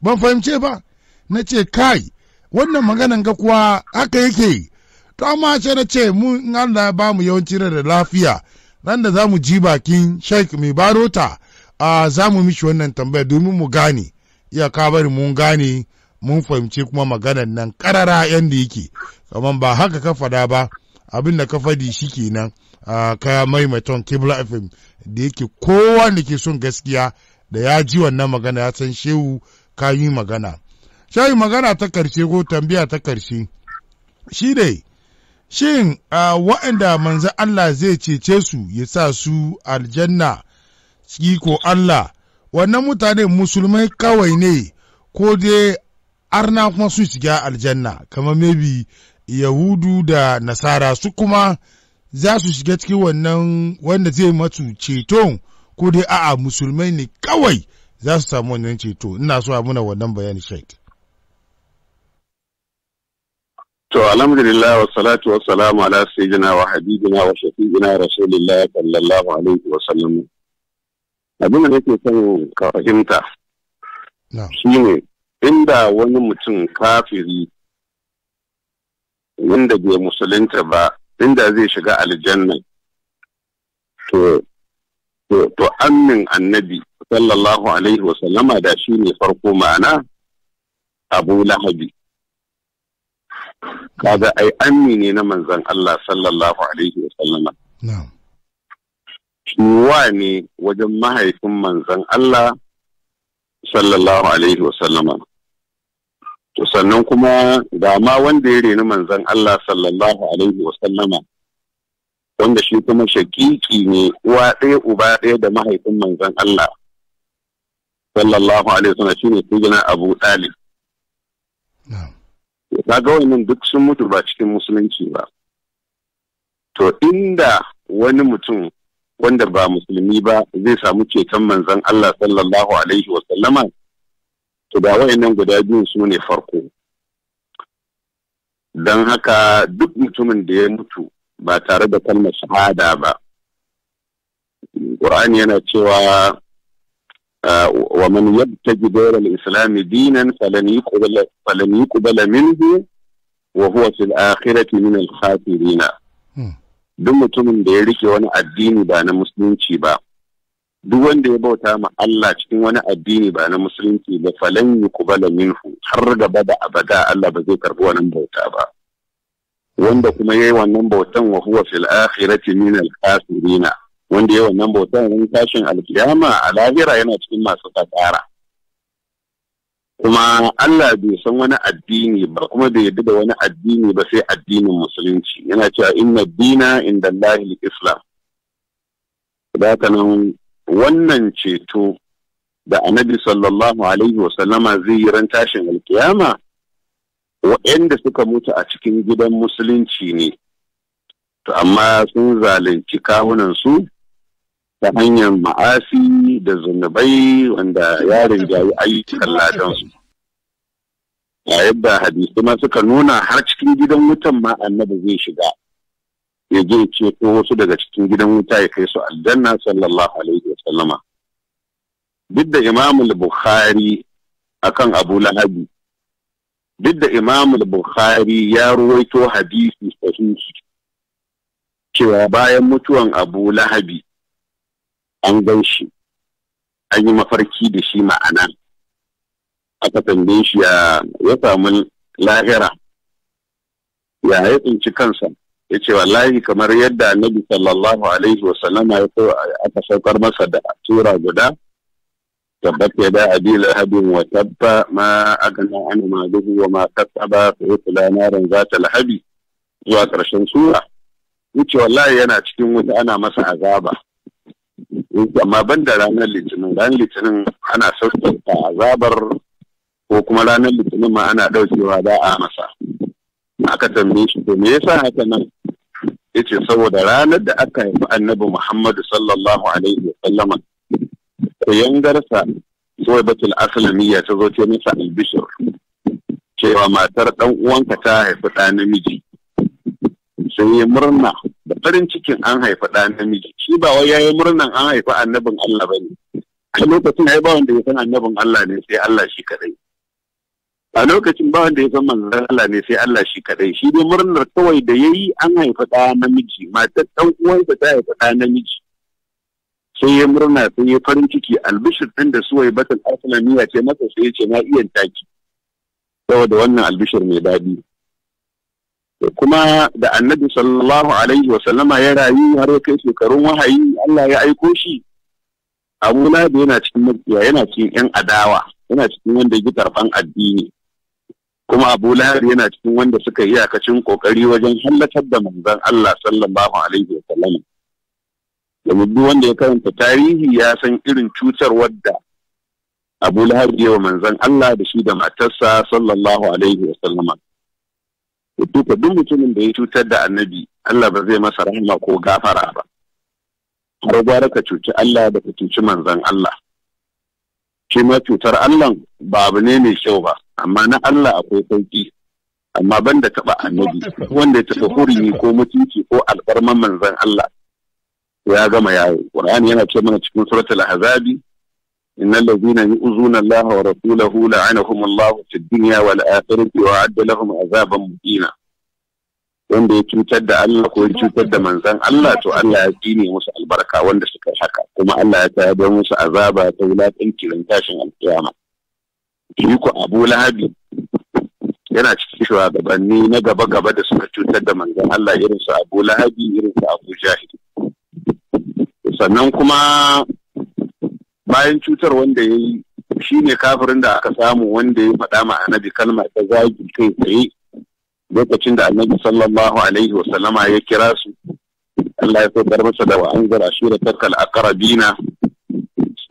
ban fahimce ba na ce kai wannan maganan ga kuwa haka yake to amma ce na ce mun Allah ya bamu yawanci da lafiya ran da zamu ji bakin shaik mai barota a zamu mishi wannan tambaya domin mu gane iyaka bari mun gane mun fahimci kuma maganan nan karara da yake kamar ba haka ka fada ba abin da ka fadi shi kenan ka maimaton kibla fm da yake kowa da ke son gaskiya da ya ji wannan magana ya san shehu ka yi magana shayi magana ta karshe ko tambiya ta karshe shi dai shin wa'anda manzan allah zai cece su ya sa su aljanna ko allah wannan mutane musulmai kawai ne ko dai arna kuma su shiga aljanna kamar maybe yahudu da nasara su kuma za su shiga cikin wannan wanda zai matsu ceton ko dai a'a musulmai ne kawai za su samu wannan ceto ina so a muna wannan bayani shaid to alhamdulillah wa salatu wa salamu ala sayyidina wa habibina wa shafi'ina rasulillah sallallahu alaihi wa sallam abin da nake son ka fahimta shine inda wani mutum kafiri wanda bai musulunta ba inda zai shiga aljanna to to amin annabi sallallahu alaihi wasallama da shi ne farko ma'ana abu lahabi kaga ai ammi ne na manzan Allah sallallahu alaihi wasallama wa ne wajen mahaifin manzan Allah sallallahu alaihi wasallama to sannan kuma ga ma wanda ya reni manzon Allah sallallahu alaihi wa sallama wanda shi kuma shakiki ne uwa ɗaya uba ɗaya da mahaifin manzon Allah sallallahu alaihi wa sallama shine sayyidina Abu ta ga wannan duk sun mutu ba cikin musulunci ba to inda wani mutum wanda ba musulmi ba zai samu ceton manzon Allah sallallahu alaihi wa sallama to da wayannan guda biyun su ne farko don haka duk mutumin da ya mutu ba tare da kalmar shahada ba ƙur'ani yana cewa ah, wa man yabtaji ghayra al-islam dinan falan yuqbala falan yuqbala minhu wa huwa fil akhirati min al-khasirin hmm. duk mutumin da ya rike wani addini ba na musulunci ba duk wanda ya bauta ma Allah cikin wani addini ba na musulunci ba falan yuqbala minhu har gaba da abada Allah ba zai karbi wannan bauta ba wanda kuma yayi wannan bautan wa huwa fil akhirati min al wanda yayi wannan bautan ran tashin alkiyama a lahira yana cikin masu tsara kuma Allah bai san wani addini ba kuma bai yarda da wani addini ba sai addinin musulunci yana cewa inna dina inda Allahil islam da nan wannan ceto da annabi sallallahu alaihi wasallama zai yi ran tashin alkiyama waɗanda suka mutu a cikin gidan musulunci ne to amma sun zalunci kawunansu ta hanyar ma'asi da zunubai wanda yarin jayi ayyukan ladansu a yadda hadisi ma suka nuna har cikin gidan wutan ma annabi zai shiga ya je ceto wasu daga cikin gidan wuta ya kai su aljanna sallallahu alaihi wa sallama duk da imamu bukhari akan abu lahabi duk da imamu bukhari ya ruwaito hadisi sahihi cewa bayan mutuwan abu lahabi an gan an yi mafarki da shi ma'ana aka tambaye shi ya samu lahira ya ya tsinci kansa ya ce wallahi kamar yadda annabi sallallahu alaihi wa wasallama ya aka saukar masa da tura guda tabbat ya da abi lahabin wa tabba ma agana an maluhu wa ma kasaba fa yusla naran zata lahabi zuwa ƙarshen sura yace wallahi yana cikin wuta ana masa azaba amma ban da ranar litinin ranar litinin ana sassauta azabar ko kuma ranar litinin ma ana ɗaukewa za a masa aka tambaye shi to me yasa haka nan yace saboda ranar da aka haifi annabi Muhammadu sallallahu alaihi wa sallama yangarsa suwai batul aslamiyya ta zo ce masa albishir cewa matar dan uwanka ta haifi ɗa namiji sai ya murna da farin cikin an haifi ɗa namiji shi ba wai yayi murnan an haifi annabin Allah bane a lokacin ai ba wanda ya san annabin Allah ne sai Allah shi kadai a lokacin ba da ya san manzon Allah ne sai Allah shi kadai shi dai murnar kawai da yayi an haifa ɗa namiji matar ɗan uwansa ta haifa ɗa namiji sai ya murna sai ya farin ciki albishir ɗin da suwai batal aslamiyya ce masa sai ya ce na iya taki saboda wannan albishir mai daɗi Da kuma da annabi sallallahu alaihi wa sallama ya rayu har ya kai shekarun wahayi Allah ya aiko shi abu da yana cikin mabiya yana cikin yan adawa yana cikin wanda ji karfan addini kuma abu lahar yana cikin wanda suka yi iyakacin kokari wajen hallatar da manzon Allah sallallahu alaihi wa sallam wanda ya karanta tarihi ya san irin cutar wadda. abu lahar ya wa manzon Allah da shi da matarsa sallallahu alaihi wa sallama duk mutumin da ya cutar da annabi Allah ba zai masa rahama ko gafara ba har gwara ka cuci Allah da ka cuci manzon Allah shi ma cutar Allah ba abu ne mai kyau ba amma na Allah akwai sauki amma ban da taɓa annabi wanda ya taɓa hurumi ko mutunci ko alfarman manzan Allah ya gama yawo Qur'ani yana ce mana cikin suratul ahzabi innal ladhina yu'zuna Allah wa rasulahu la'anahum Allah fid dunya wal akhirati wa a'adda lahum azaban muqina wanda ya cutar da Allah ko ya cutar da manzan Allah to Allah ya dine musu albarka wanda suka haka kuma Allah ya tayar musu azaba ta wulaƙin kiran tashin alƙiyama iko abu lahabi yana cikin shugabanni na gaba-gaba da suka cutar da manzon Allah irin su abu lahabi irin su abu sannan kuma bayan cutar wanda ya yi shi ne kafirin da aka samu wanda ya faɗa ma annabi kalma ta zagi kai tsaye lokacin da annabi sallallahu alaihi wasallama ya kira su Allah ya saukar masa da wa'anzar ashira a aqrabina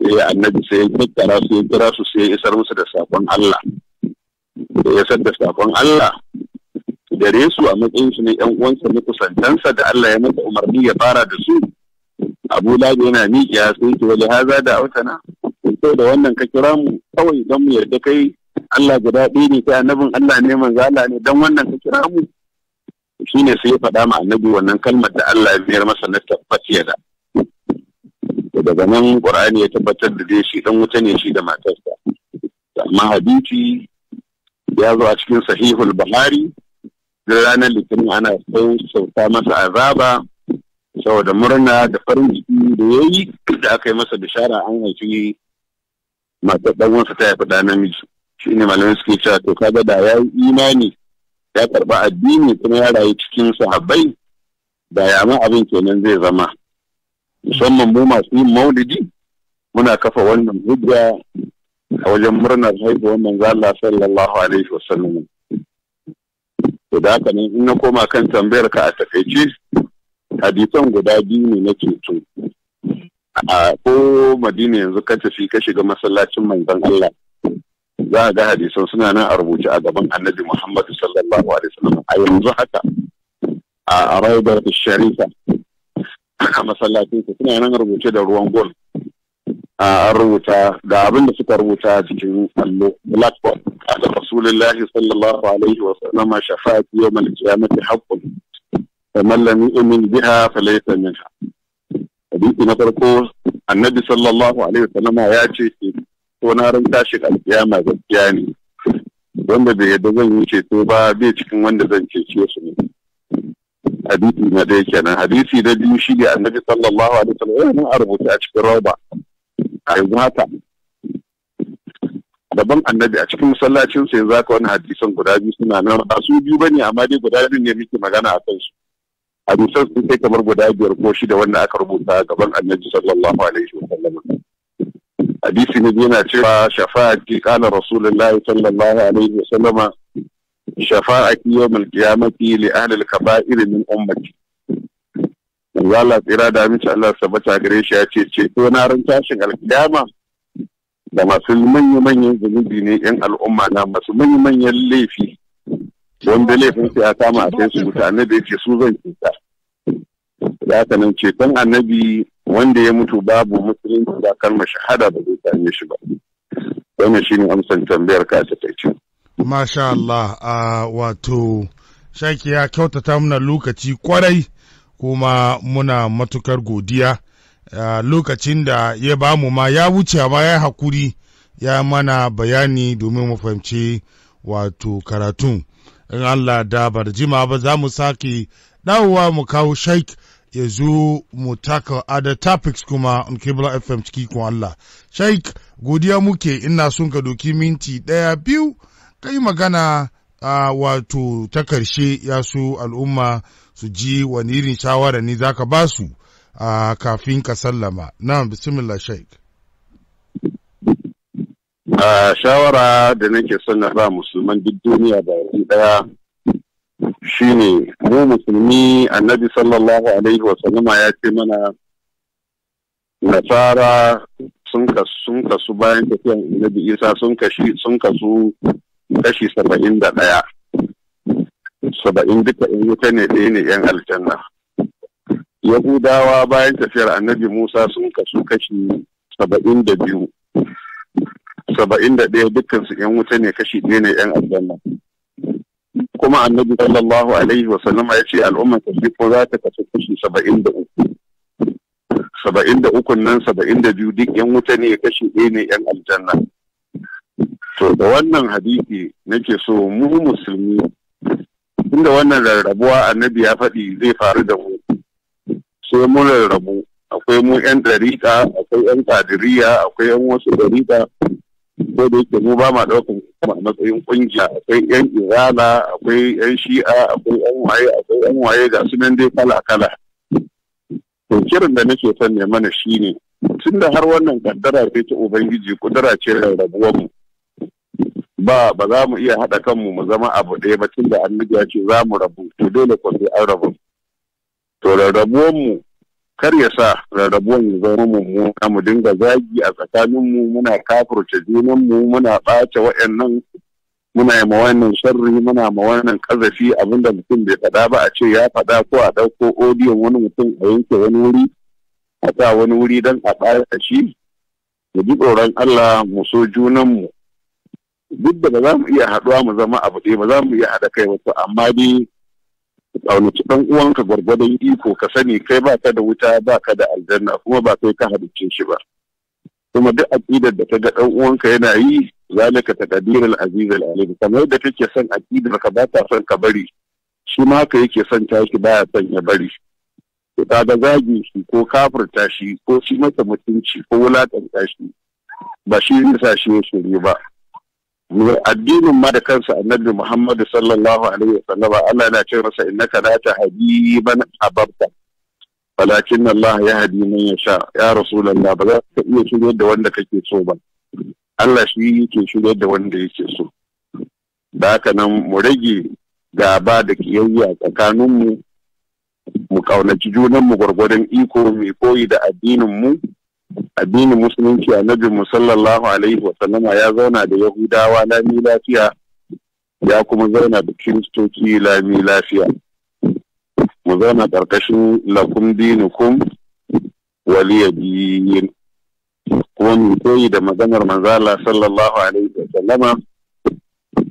sai eh, annabi sai ya kira su ya kira su sai ya isar musu da sakon Allah da ya da sakon Allah gare su a matsayin su ne yan uwansa na kusantansa da Allah ya masa umarni ya fara da su Abu Lahi yana miƙiya sai ki haza da autana ko da wannan ka kira mu kawai don mu yarda kai Allah guda ɗaya ne kai annabin Allah ne manzo Allah ne don wannan ka kira mu ne sai ya faɗa ma annabi wannan kalmar da Allah ya biyar masa na tabbaciyar da daga nan ƙur'ani ya tabbatar da dai shi dan wuta ne shi da matarsa amma hadisi ya zo a cikin sahihul buhari duk ranar litinin ana son sauta masa azaba saboda murna da farin ciki da ya yi da aka yi masa bishara an haifi masu ɗan ta haifi ɗa namiji shi ne malamai suke cewa to kaga da ya yi imani ya karɓa addini kuma ya rayu cikin sahabbai da ya ma abin kenan zai zama musamman mu masu yin maulidi muna kafa wannan hujja a wajen murnar haihuwar manzo Allah sallallahu alaihi sallam to da haka in na koma kan tambayar ka a takaice hadisan guda biyu ne na ceto a ko madina yanzu ka tafi ka shiga masallacin manzon Allah za a ga hadisan suna nan a rubuce a gaban annabi Muhammad sallallahu alaihi wa sallam? a yanzu haka a araidar sharifa a masallacin suna nan rubuce da ruwan gol an rubuta ga abin da suka rubuta cikin allo blackboard ala rasulullahi sallallahu alaihi wa sallam shafa'ati yawm al-qiyamati haqqun faman lam yu'min biha falaysa minha hadisi na farko annabi sallallahu alaihi wa sallama ya ce ko na ran tashi al-qiyama gaskiya ne wanda bai yadda zan yi ceto ba bai cikin wanda zan cece su hadisi na ɗaya kenan hadisi na biyu shi ne annabi sallallahu alaihi wasallam yana eh, a rubuta a cikin roba a yanzu haka daban annabi a cikin masallacin sai za ka wani hadisan guda biyu suna nan ba su biyu ba ne amma dai guda biyu ne muke magana a kansu hadisan sun kai kamar guda biyar ko shida wanda aka rubuta gaban annabi sallallahu alaihi wasallam hadisi na biyu yana cewa shafa'ati qala rasulullahi sallallahu alaihi wasallama shafa'ati yawmal qiyamati li ahli al-kaba'ir min ummati Allah tsira da aminci Allah sabata gare shi ya ce ceto na ran tashin alkiyama da masu manya-manyan zunubi ne 'yan al'umma na masu manya-manyan laifi wanda laifin su ya kama a kai su wuta annabi ya ce su zan ceta da haka nan ceton annabi wanda ya mutu babu musulunci ba kalmar shahada ba zai same shi ba wannan shine amsar tambayar ka ta taicin Masha Allah, a wato shaki ya kyautata muna lokaci kwarai kuma muna matukar godiya lokacin da ya bamu ma ya wuce ma ya hakuri ya mana bayani domin mu fahimci wato karatun. In Allah da jima ba za mu sake dawowa mu kawo shaik ya zo mu taka other topics kuma on Kibla FM ciki kun Allah. Shaik godiya muke ina son ka doki minti daya biyu ka yi magana a wato ta karshe ya su al'umma su ji wani irin shawara ne za ka ba su kafin ka sallama na bismillah sheik a shawara da nake son na ba musulman duk duniya da daya shine mu musulmi annabi sallallahu alaihi wasallama ya ce mana nasara sun kasu bayan tafiyan annabi isa sun kasu kashi saba'in da ɗaya saba'in duka in wuta ne ɗaya ne yan aljanna yahudawa bayan tafiyar annabi musa sun kasu kashi saba'in da biyu saba'in da ɗaya dukkan su yan wuta ne kashi ɗaya ne yan aljanna kuma annabi sallallahu alaihi wa sallama ya ce al'ummar ko za ta kasu kashi saba'in da uku saba'in da ukun nan saba'in da biyu duk yan wuta ne kashi ɗaya ne yan aljanna to da wannan hadisi nake so mu musulmi tunda wannan rarrabuwa annabi ya faɗi zai faru da mu sai mu rarrabu akwai mu yan dariƙa akwai yan kadiriya akwai yan wasu dariƙa ko da yake mu ba ma ɗaukan kuma a matsayin ƙungiya akwai yan irana akwai yan shi'a akwai yan waye akwai yan waye ga su nan dai kala kala to kiran da nake son ne mana shine tunda har wannan kaddara ce ta ubangiji kudura ce rarrabuwar mu ba ba za mu iya haɗa kanmu mu zama abu ɗaya ba tunda da annabi ya ce za mu rabu to dole ko sai an rabu to rarrabuwan mu kar ya sa rarrabuwan ya zama mummuna mu dinga zagi a tsakanin tsakaninmu muna kafurce junanmu muna ɓace wa'annan muna yi ma wannan sharri muna ma wannan kazafi abinda mutum bai faɗa ba a ce ya faɗa ko a ɗauko odiyon wani mutum a yanke wani wuri a sa wani wuri don a ɓata shi mu ji tsoron Allah mu so junan mu duk da ba za mu iya haɗuwa mu zama abu ɗaya ba za mu iya haɗa kai wasu amma dai ƙaunaci ɗan uwanka gwargwadon iko ka sani kai ba ka da wuta ba ka da aljanna kuma ba kai ka haɗu shi ba kuma duk aƙidar da ta ga ɗan uwanka yana yi zalika ta aziz al alim kamar yadda kake son aƙidar ka ba ta son ka bari shi ma ka yake son tashi baya son ya bari to ga zagi shi ko kafirta tashi, ko shi mata mutunci ko wulaƙanta shi ba shi ne sa shi ya shirye ba addinin ma da kansa annabi Muhammadu sallallahu alaihi wa sallam Allah yana ce masa innaka la tahdi man ababta walakin Allah hadi man yasha ya rasulullah ba za ka iya shirye da wanda kake so ba Allah shi yake shirye da wanda yake so da haka nan mu rage gaba da kiyayya tsakanin mu mu kaunaci mu gwargwadon iko mai koyi da addinin mu addinin musulunci annabi musallallahu alaihi wa sallama ya zauna da yahudawa lami lafiya ya kuma zauna da kiristoci lami lafiya mu zauna ƙarƙashin lakum dinukum waliya diyin kuma mu koyi da maganar manzala sallallahu alaihi wa sallama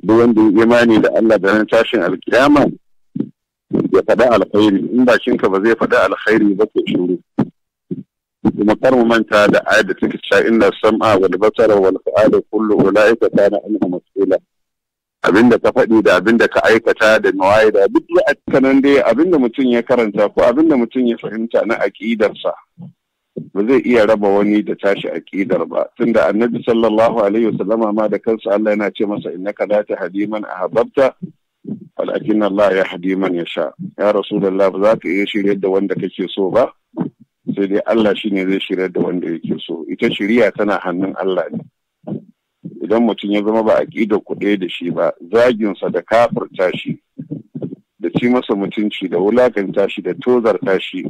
duk wanda ya imani da Allah da nan tashin alkiyama ya faɗa alkhairi in bakinka ba zai faɗa alkhairi ba ke shiru kuma kar mu manta da ayat da take cewa inna sam'a wal basara wal fu'ada kullu abinda ka faɗi da abinda ka aikata da nawaye da duk kanan dai abinda mutum ya karanta ko abinda mutum ya fahimta na aƙidarsa ba zai iya raba wani da tashi aƙidar ba tunda annabi sallallahu alaihi wasallama ma da kansa Allah yana ce masa innaka la a ahbabta walakin Allah ya Hadiman ya sha. ya rasulullah ba za ka iya shiryar da wanda kake so ba sai dai Allah shi ne zai shirya da wanda yake so ita shiriya tana hannun Allah ne idan mutum ya zama ba a ƙida kuɗe da shi ba zaginsa da kafirta shi da ci masa mutunci da wulakanta shi da tozarta shi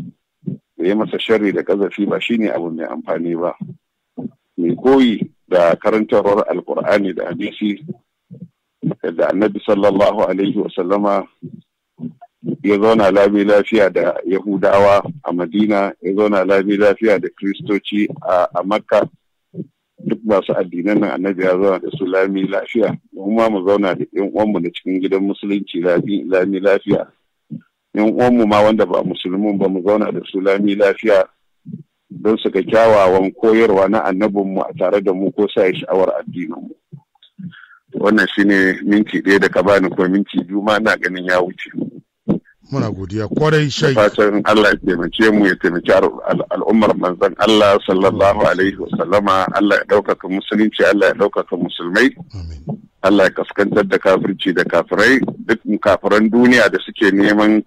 da ya masa sharri da ƙazafi ba shi ne abu mai amfani ba mai koyi da karantarwar alkur'ani da hadisi da annabi sallallahu alaihi wasallama ya zauna labi lafiya da yahudawa a madina ya zauna labi lafiya da kristoci a makka duk masu addinan nan annabi ya zauna da su lami lafiya kuma mu zauna da yan uwanmu da cikin gidan musulunci lami lafiya yan uwanmu ma wanda ba musulmin ba mu zauna da su lami lafiya don su ga kyawawan koyarwa na annabinmu a tare da mu ko sa sha'awar addininmu wannan shine minti ɗaya da ka bani ko minti biyu ma na ganin ya wuce muna godiya kwarai shai fatan Allah ya taimake mu ya taimaki al'ummar manzon Allah sallallahu alaihi wa sallama Allah ya ɗaukaka musulunci Allah ya ɗaukaka musulmai Allah ya kaskantar da kafirci da kafirai duk kafiran duniya da suke neman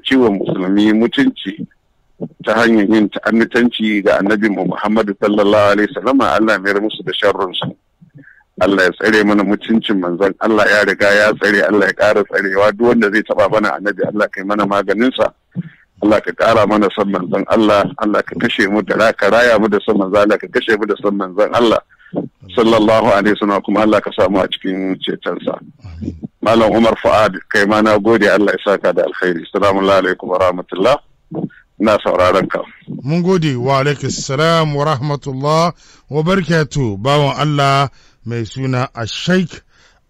ciwon musulmi mutunci ta hanyar yin ta'annitanci ga annabi Muhammadu sallallahu alaihi wa sallama Allah ya mayar musu da sharrunsu. Allah ya tsare mana mutuncin manzon Allah ya riga ya tsare Allah ya ƙara tsarewa duk wanda zai taba mana annabi Allah kai mana maganinsa Allah ka ƙara mana son manzon Allah Allah ka kashe mu da raka raya mu da son manzon Allah ka kashe mu da son manzon Allah sallallahu alaihi wasallam kuma Allah ka samu a cikin cetonsa Malam Umar Fuad kai ma na gode Allah ya saka da alkhairi assalamu alaikum wa rahmatullah Ina sauraron ka. Mun gode wa alaikis salam wa rahmatullah wa barkatu bawan Allah mai suna a sheikh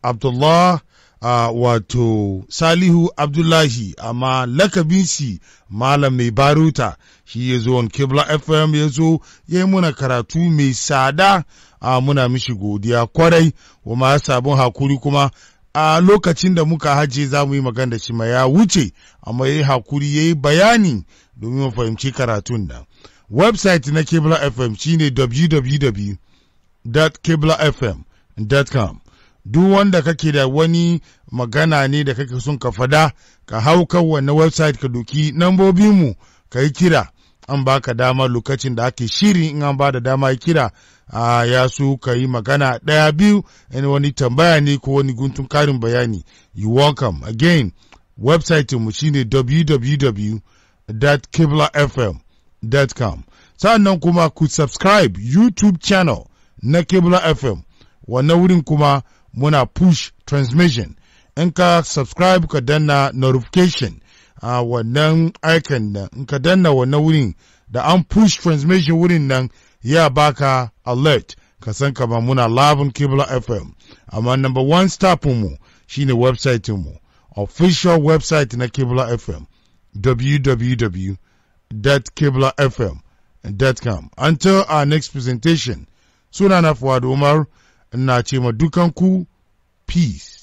abdullah a wato salihu abdullahi amma lakabin si malam mai baruta shi ya zo kibla fm ya zo ya yi muna karatu mai sada a muna mishi godiya kwarai wa ma sabon hakuri kuma a lokacin da muka haje za mu yi magana da shi ma ya wuce amma ya hakuri ya yi bayani domin mu fahimci karatun nan website na kibla fm shine www www.kiblafm.com duk wanda kake da wani magana ne da kake son ka fada ka hau kawai na website ka duki nambobinmu ka yi kira an ba ka dama lokacin da ake shiri in an ba da dama kira a ya su ka yi magana ɗaya biyu in wani tambaya ne ko wani guntun karin bayani you welcome again website mu shine www.kiblafm.com sa'annan kuma ku subscribe youtube channel na cable fm wannan wurin kuma muna push transmission in ka subscribe ka danna notification a wannan icon nan in ka danna wannan wurin da an push transmission wurin nan ya baka alert ka san kama muna labin cable fm amma number one stop mu shine website mu official website na cable fm www.cablefm.com until our next presentation sunana da Umar ina ce ma dukanku peace